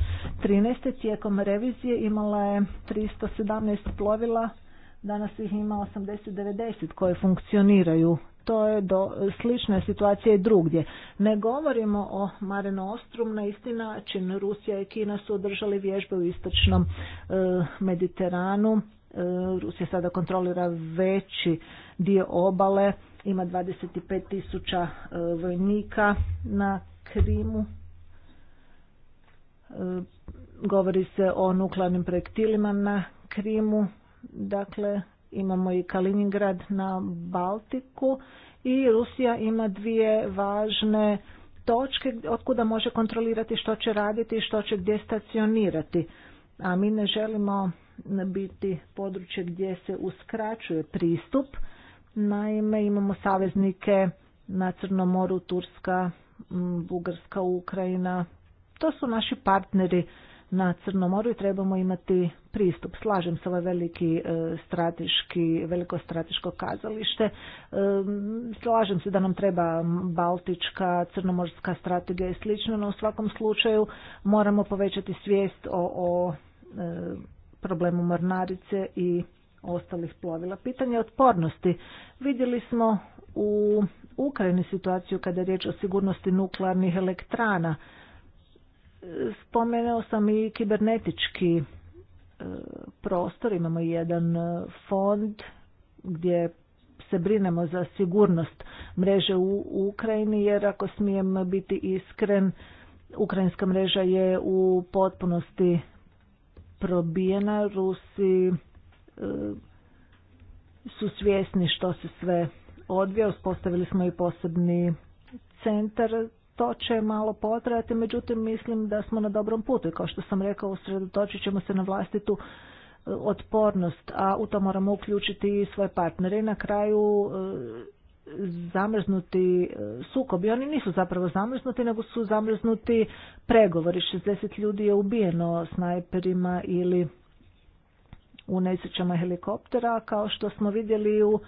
tijekom revizije imala je 317 plovila, danas ih ima 80-90 koje funkcioniraju to je do slične situacije drugdje. Ne govorimo o Mare Nostrum na isti način. Rusija i Kina su održali vježbe u istočnom e, Mediteranu. E, Rusija sada kontrolira veći dio obale, ima 25.000 tisuća e, vojnika na Krimu. Govori se o nuklearnim projektilima na Krimu. Dakle, imamo i Kaliningrad na Baltiku i Rusija ima dvije važne točke od kuda može kontrolirati što će raditi i što će gdje stacionirati. A mi ne želimo biti područje gdje se uskraćuje pristup. Naime, imamo saveznike na Crnom moru, Turska, Bugarska, Ukrajina. To su naši partneri na Crnom moru i trebamo imati pristup. Slažem se, ovaj veliki e, strateški, veliko strateško kazalište. E, slažem se da nam treba baltička, crnomorska strategija i slično, no u svakom slučaju moramo povećati svijest o, o e, problemu mornarice i ostalih plovila. Pitanje otpornosti. Vidjeli smo u Ukrajini situaciju kada je riječ o sigurnosti nuklearnih elektrana. Spomenuo sam i kibernetički e, prostor, imamo jedan e, fond gdje se brinemo za sigurnost mreže u Ukrajini jer ako smijem biti iskren, ukrajinska mreža je u potpunosti probijena, Rusi e, su svjesni što se sve odvija, uspostavili smo i posebni centar to će malo potrajati, međutim mislim da smo na dobrom putu i kao što sam rekao usredotočit ćemo se na vlastitu eh, otpornost, a u to moramo uključiti i svoje partnere i na kraju eh, zamrznuti eh, sukobi. Oni nisu zapravo zamrznuti, nego su zamrznuti pregovori. 60 ljudi je ubijeno snajperima ili u nesrećama helikoptera kao što smo vidjeli u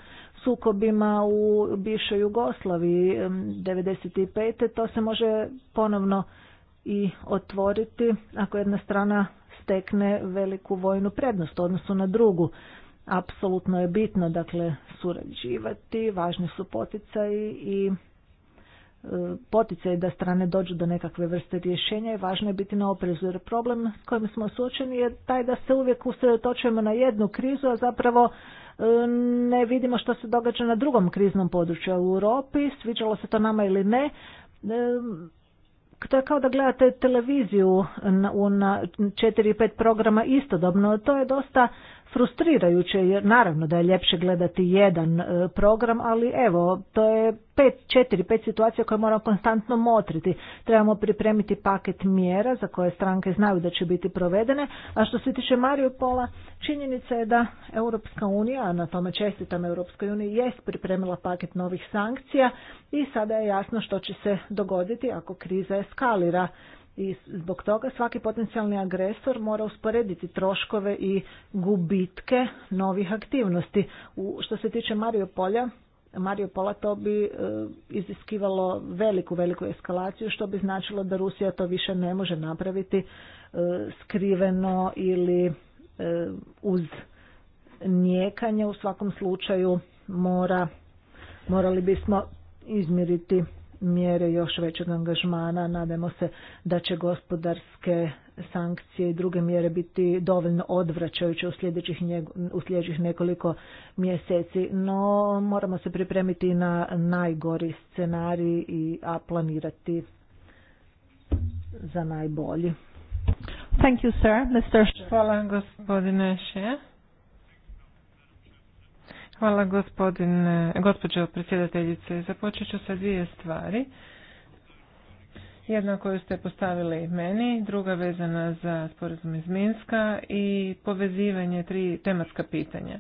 sukobima u bivšoj Jugoslaviji 95. to se može ponovno i otvoriti ako jedna strana stekne veliku vojnu prednost u odnosu na drugu. Apsolutno je bitno dakle surađivati, važni su poticaji i poticaj da strane dođu do nekakve vrste rješenja i važno je biti na oprezu jer problem s kojim smo suočeni je taj da se uvijek usredotočujemo na jednu krizu, a zapravo e, ne vidimo što se događa na drugom kriznom području u Europi, sviđalo se to nama ili ne. E, to je kao da gledate televiziju na četiri i pet programa istodobno. To je dosta frustrirajuće jer naravno da je ljepše gledati jedan e, program, ali evo to je pet, četiri, pet situacija koje moramo konstantno motriti. Trebamo pripremiti paket mjera za koje stranke znaju da će biti provedene, a što se tiče Mariupola, činjenica je da Europska unija, a na tome čestitam Europskoj uniji, jest pripremila paket novih sankcija i sada je jasno što će se dogoditi ako kriza eskalira i zbog toga svaki potencijalni agresor mora usporediti troškove i gubitke novih aktivnosti. U, što se tiče Mario Polja, Mario Pola to bi e, iziskivalo veliku, veliku eskalaciju, što bi značilo da Rusija to više ne može napraviti e, skriveno ili e, uz njekanje. U svakom slučaju mora, morali bismo izmiriti mjere još većeg angažmana. Nadamo se da će gospodarske sankcije i druge mjere biti dovoljno odvraćajuće u sljedećih, u sljedećih nekoliko mjeseci, no moramo se pripremiti na najgori scenarij, i, a planirati za najbolji. Thank you, sir. Mr. Hvala gospodine Šeja. Hvala gospodine, gospođo predsjedateljice. Započet ću sa dvije stvari. Jedna koju ste postavili meni, druga vezana za sporazum iz Minska i povezivanje tri tematska pitanja.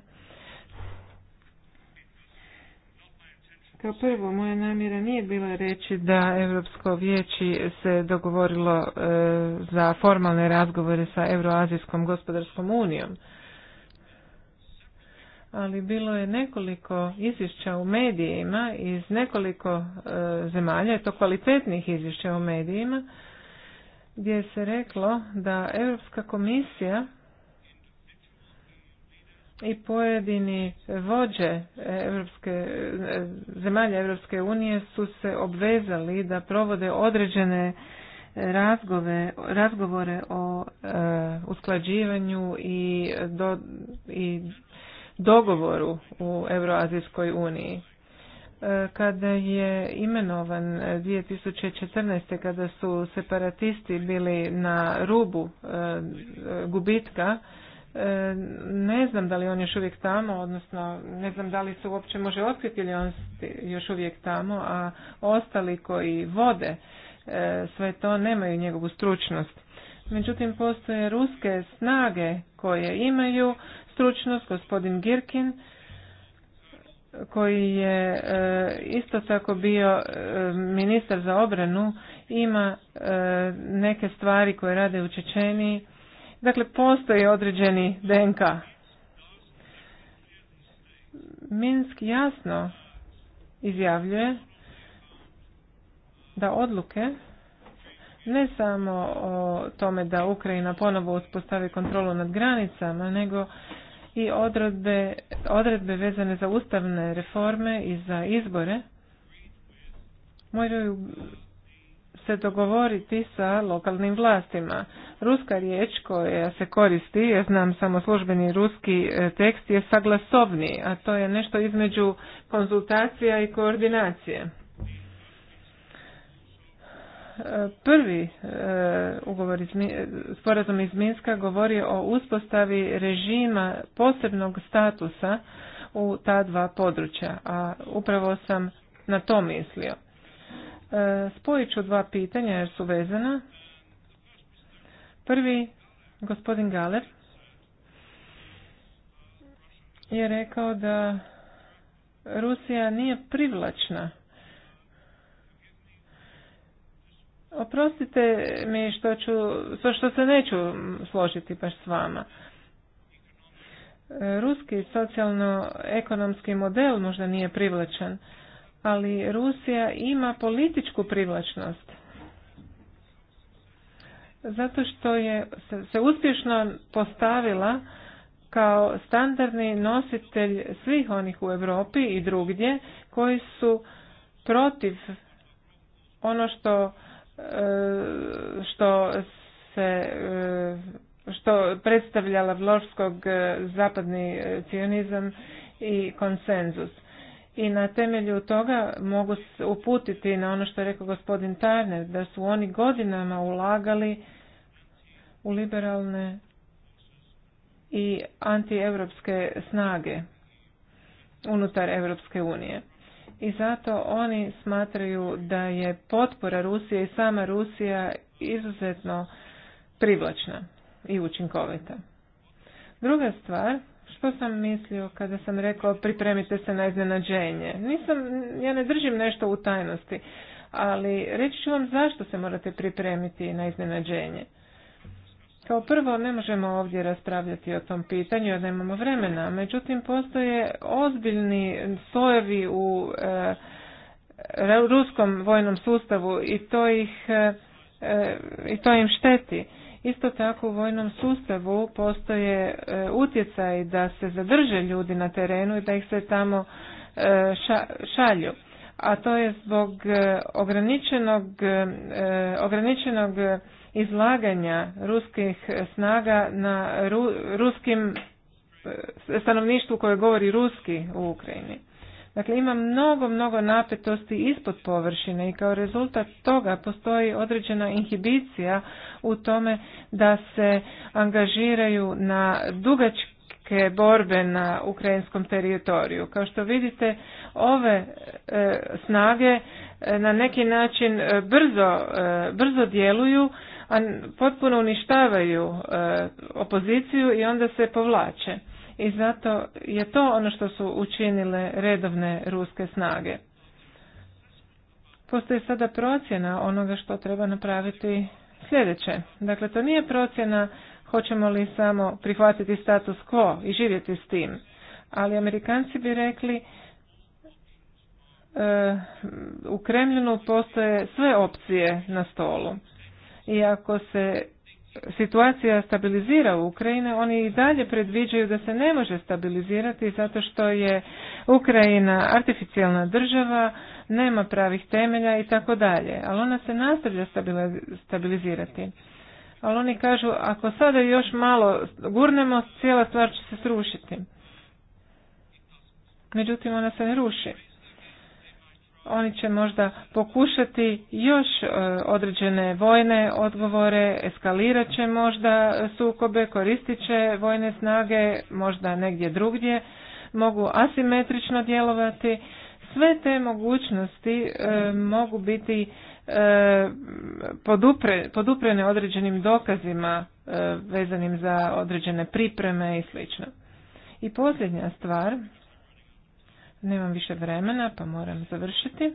Kao prvo, moja namjera nije bila reći da Europsko vijeće se dogovorilo e, za formalne razgovore sa Euroazijskom gospodarskom unijom ali bilo je nekoliko izvješća u medijima iz nekoliko e, zemalja, to kvalitetnih izvješća u medijima, gdje se reklo da Europska komisija i pojedini vođe Evropske, e, zemalja Europske unije su se obvezali da provode određene razgove, razgovore o e, usklađivanju i, do, i dogovoru u Euroazijskoj uniji. E, kada je imenovan 2014. kada su separatisti bili na rubu e, gubitka, e, ne znam da li on još uvijek tamo, odnosno ne znam da li se uopće može otkriti ili on još uvijek tamo, a ostali koji vode sve to nemaju njegovu stručnost. Međutim, postoje ruske snage koje imaju stručnost, gospodin Girkin, koji je e, isto tako bio e, ministar za obranu, ima e, neke stvari koje rade u Čečeniji. Dakle, postoji određeni DNK. Minsk jasno izjavljuje da odluke ne samo o tome da Ukrajina ponovo uspostavi kontrolu nad granicama, nego i odredbe, odredbe vezane za ustavne reforme i za izbore moraju se dogovoriti sa lokalnim vlastima. Ruska riječ koja se koristi, ja znam samo službeni ruski e, tekst, je saglasovni, a to je nešto između konzultacija i koordinacije prvi e, ugovor iz, sporazum iz Minska govori o uspostavi režima posebnog statusa u ta dva područja, a upravo sam na to mislio. E, spojit ću dva pitanja jer su vezana. Prvi, gospodin Galer je rekao da Rusija nije privlačna Oprostite mi što ću, što se neću složiti baš s vama. Ruski socijalno-ekonomski model možda nije privlačan, ali Rusija ima političku privlačnost. Zato što je se uspješno postavila kao standardni nositelj svih onih u Europi i drugdje koji su protiv ono što što se što predstavlja Lavlovskog e, zapadni e, cionizam i konsenzus. I na temelju toga mogu se uputiti na ono što je rekao gospodin Tarner, da su oni godinama ulagali u liberalne i antievropske snage unutar Europske unije i zato oni smatraju da je potpora Rusije i sama Rusija izuzetno privlačna i učinkovita. Druga stvar, što sam mislio kada sam rekao pripremite se na iznenađenje. Nisam, ja ne držim nešto u tajnosti, ali reći ću vam zašto se morate pripremiti na iznenađenje. Kao prvo, ne možemo ovdje raspravljati o tom pitanju jer nemamo vremena. Međutim, postoje ozbiljni sojevi u e, e, ruskom vojnom sustavu i to ih e, i to im šteti. Isto tako u vojnom sustavu postoje e, utjecaj da se zadrže ljudi na terenu i da ih se tamo šalju a to je zbog ograničenog ograničenog izlaganja ruskih snaga na ruskim e, stanovništvu koje govori ruski u Ukrajini. Dakle, ima mnogo, mnogo napetosti ispod površine i kao rezultat toga postoji određena inhibicija u tome da se angažiraju na dugačke borbe na ukrajinskom teritoriju. Kao što vidite, ove e, snage e, na neki način brzo, brzo djeluju potpuno uništavaju e, opoziciju i onda se povlače. I zato je to ono što su učinile redovne ruske snage. Postoji sada procjena onoga što treba napraviti sljedeće. Dakle, to nije procjena hoćemo li samo prihvatiti status quo i živjeti s tim. Ali Amerikanci bi rekli e, u Kremljinu postoje sve opcije na stolu i ako se situacija stabilizira u Ukrajini, oni i dalje predviđaju da se ne može stabilizirati zato što je Ukrajina artificijalna država, nema pravih temelja i tako dalje. Ali ona se nastavlja stabilizirati. Ali oni kažu, ako sada još malo gurnemo, cijela stvar će se srušiti. Međutim, ona se ne ruši oni će možda pokušati još e, određene vojne odgovore, eskalirat će možda sukobe, koristit će vojne snage, možda negdje drugdje, mogu asimetrično djelovati. Sve te mogućnosti e, mogu biti e, poduprene određenim dokazima vezanim za određene pripreme i sl. I posljednja stvar nemam više vremena pa moram završiti.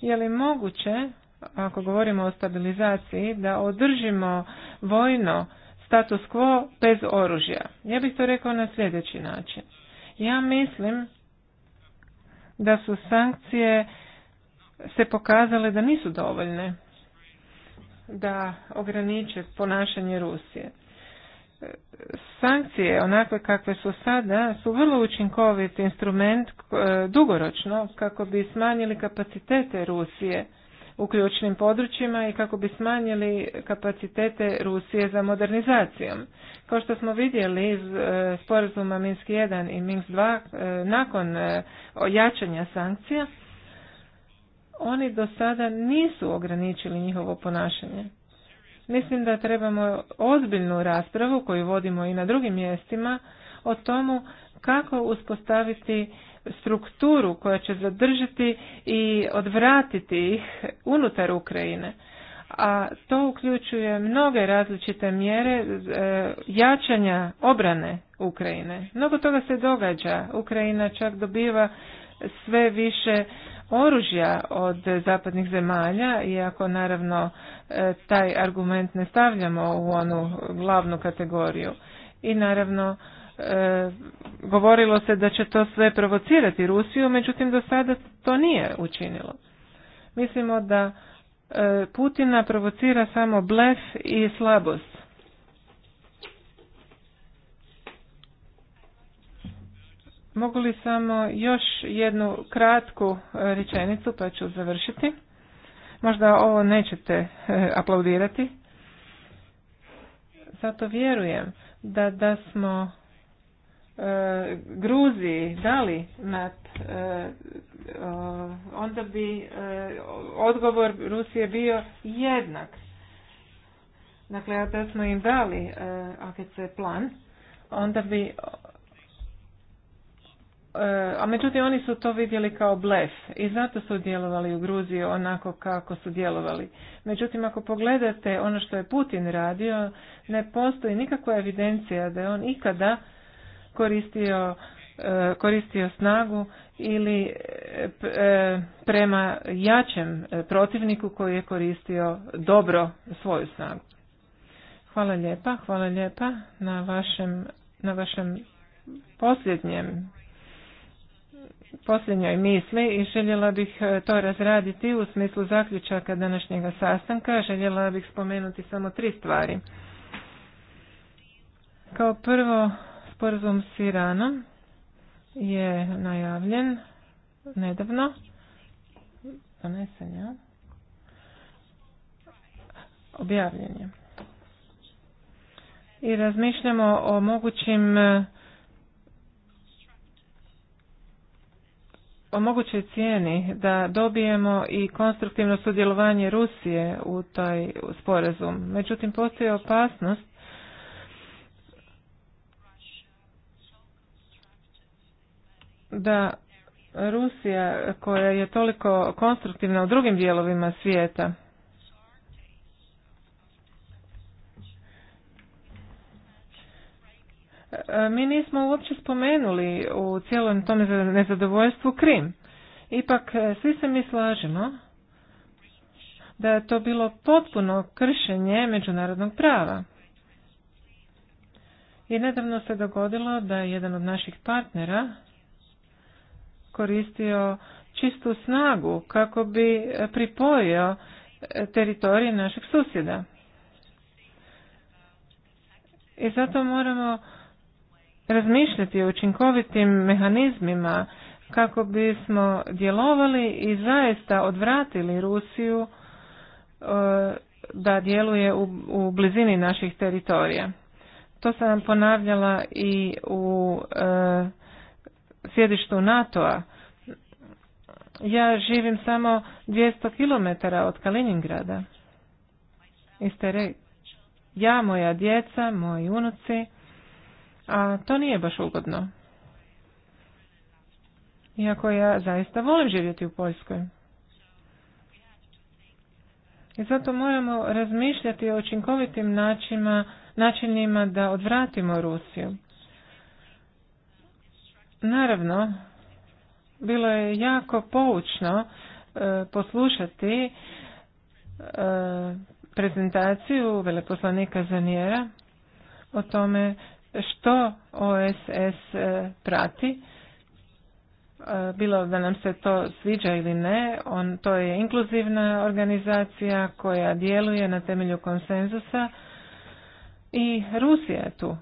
Je li moguće, ako govorimo o stabilizaciji, da održimo vojno status quo bez oružja? Ja bih to rekao na sljedeći način. Ja mislim da su sankcije se pokazale da nisu dovoljne da ograniče ponašanje Rusije sankcije onakve kakve su sada su vrlo učinkovit instrument e, dugoročno kako bi smanjili kapacitete Rusije u ključnim područjima i kako bi smanjili kapacitete Rusije za modernizacijom. Kao što smo vidjeli iz e, sporazuma Minsk 1 i Minsk 2 e, nakon jačanja sankcija, oni do sada nisu ograničili njihovo ponašanje. Mislim da trebamo ozbiljnu raspravu koju vodimo i na drugim mjestima o tomu kako uspostaviti strukturu koja će zadržati i odvratiti ih unutar Ukrajine. A to uključuje mnoge različite mjere e, jačanja obrane Ukrajine. Mnogo toga se događa. Ukrajina čak dobiva sve više oružja od zapadnih zemalja, iako naravno e, taj argument ne stavljamo u onu glavnu kategoriju. I naravno e, govorilo se da će to sve provocirati Rusiju, međutim do sada to nije učinilo. Mislimo da e, Putina provocira samo blef i slabost Mogu li samo još jednu kratku e, rečenicu pa ću završiti? Možda ovo nećete e, aplaudirati. Zato vjerujem da, da smo e, Gruziji dali nad onda bi odgovor Rusije bio jednak. Dakle, da smo im dali AKC plan, onda bi E, a međutim oni su to vidjeli kao blef i zato su djelovali u Gruziji onako kako su djelovali. Međutim, ako pogledate ono što je Putin radio, ne postoji nikakva evidencija da je on ikada koristio, e, koristio snagu ili e, prema jačem protivniku koji je koristio dobro svoju snagu. Hvala lijepa, hvala lijepa na vašem, na vašem posljednjem posljednjoj misli i željela bih e, to razraditi u smislu zaključaka današnjega sastanka. Željela bih spomenuti samo tri stvari. Kao prvo, sporazum s Iranom je najavljen nedavno. Donesen je. Objavljen je. I razmišljamo o mogućim e, o mogućoj cijeni da dobijemo i konstruktivno sudjelovanje Rusije u taj sporazum. Međutim, postoji opasnost da Rusija koja je toliko konstruktivna u drugim dijelovima svijeta E, mi nismo uopće spomenuli u cijelom tom nezadovoljstvu Krim. Ipak e, svi se mi slažemo da je to bilo potpuno kršenje međunarodnog prava. I nedavno se dogodilo da je jedan od naših partnera koristio čistu snagu kako bi pripojio e, teritorije našeg susjeda. I zato moramo razmišljati o učinkovitim mehanizmima kako bismo djelovali i zaista odvratili Rusiju e, da djeluje u, blizini naših teritorija. To sam ponavljala i u e, sjedištu NATO-a. Ja živim samo 200 km od Kaliningrada. Ja, moja djeca, moji unuci a to nije baš ugodno. Iako ja zaista volim živjeti u Poljskoj. I zato moramo razmišljati o učinkovitim načinima, načinima da odvratimo Rusiju. Naravno, bilo je jako poučno e, poslušati e, prezentaciju veleposlanika Zanjera o tome što OSS e, prati. E, bilo da nam se to sviđa ili ne, on, to je inkluzivna organizacija koja djeluje na temelju konsenzusa i Rusija je tu.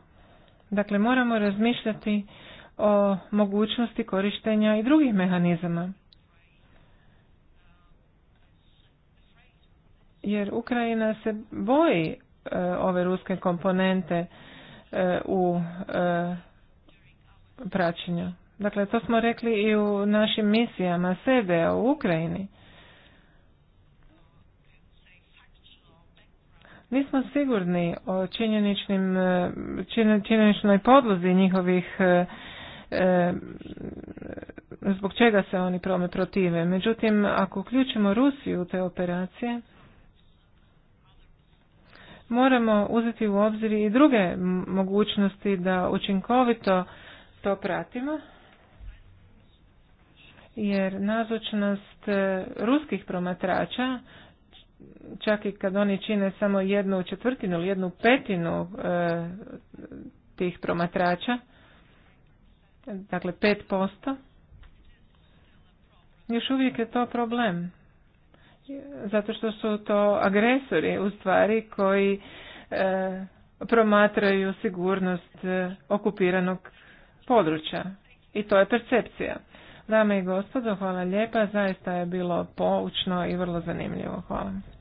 Dakle, moramo razmišljati o mogućnosti korištenja i drugih mehanizama. Jer Ukrajina se boji e, ove ruske komponente E, u e, praćenju. Dakle, to smo rekli i u našim misijama sebe u Ukrajini. Nismo sigurni o činjeničnim, e, činjeničnoj podlozi njihovih zbog čega se oni prome protive. Međutim, ako uključimo Rusiju u te operacije, moramo uzeti u obzir i druge mogućnosti da učinkovito to pratimo, jer nazočnost e, ruskih promatrača, čak i kad oni čine samo jednu četvrtinu ili jednu petinu e, tih promatrača, dakle 5%, još uvijek je to problem zato što su to agresori u stvari koji e, promatraju sigurnost e, okupiranog područja i to je percepcija. Dame i gospodo, hvala lijepa, zaista je bilo poučno i vrlo zanimljivo. Hvala.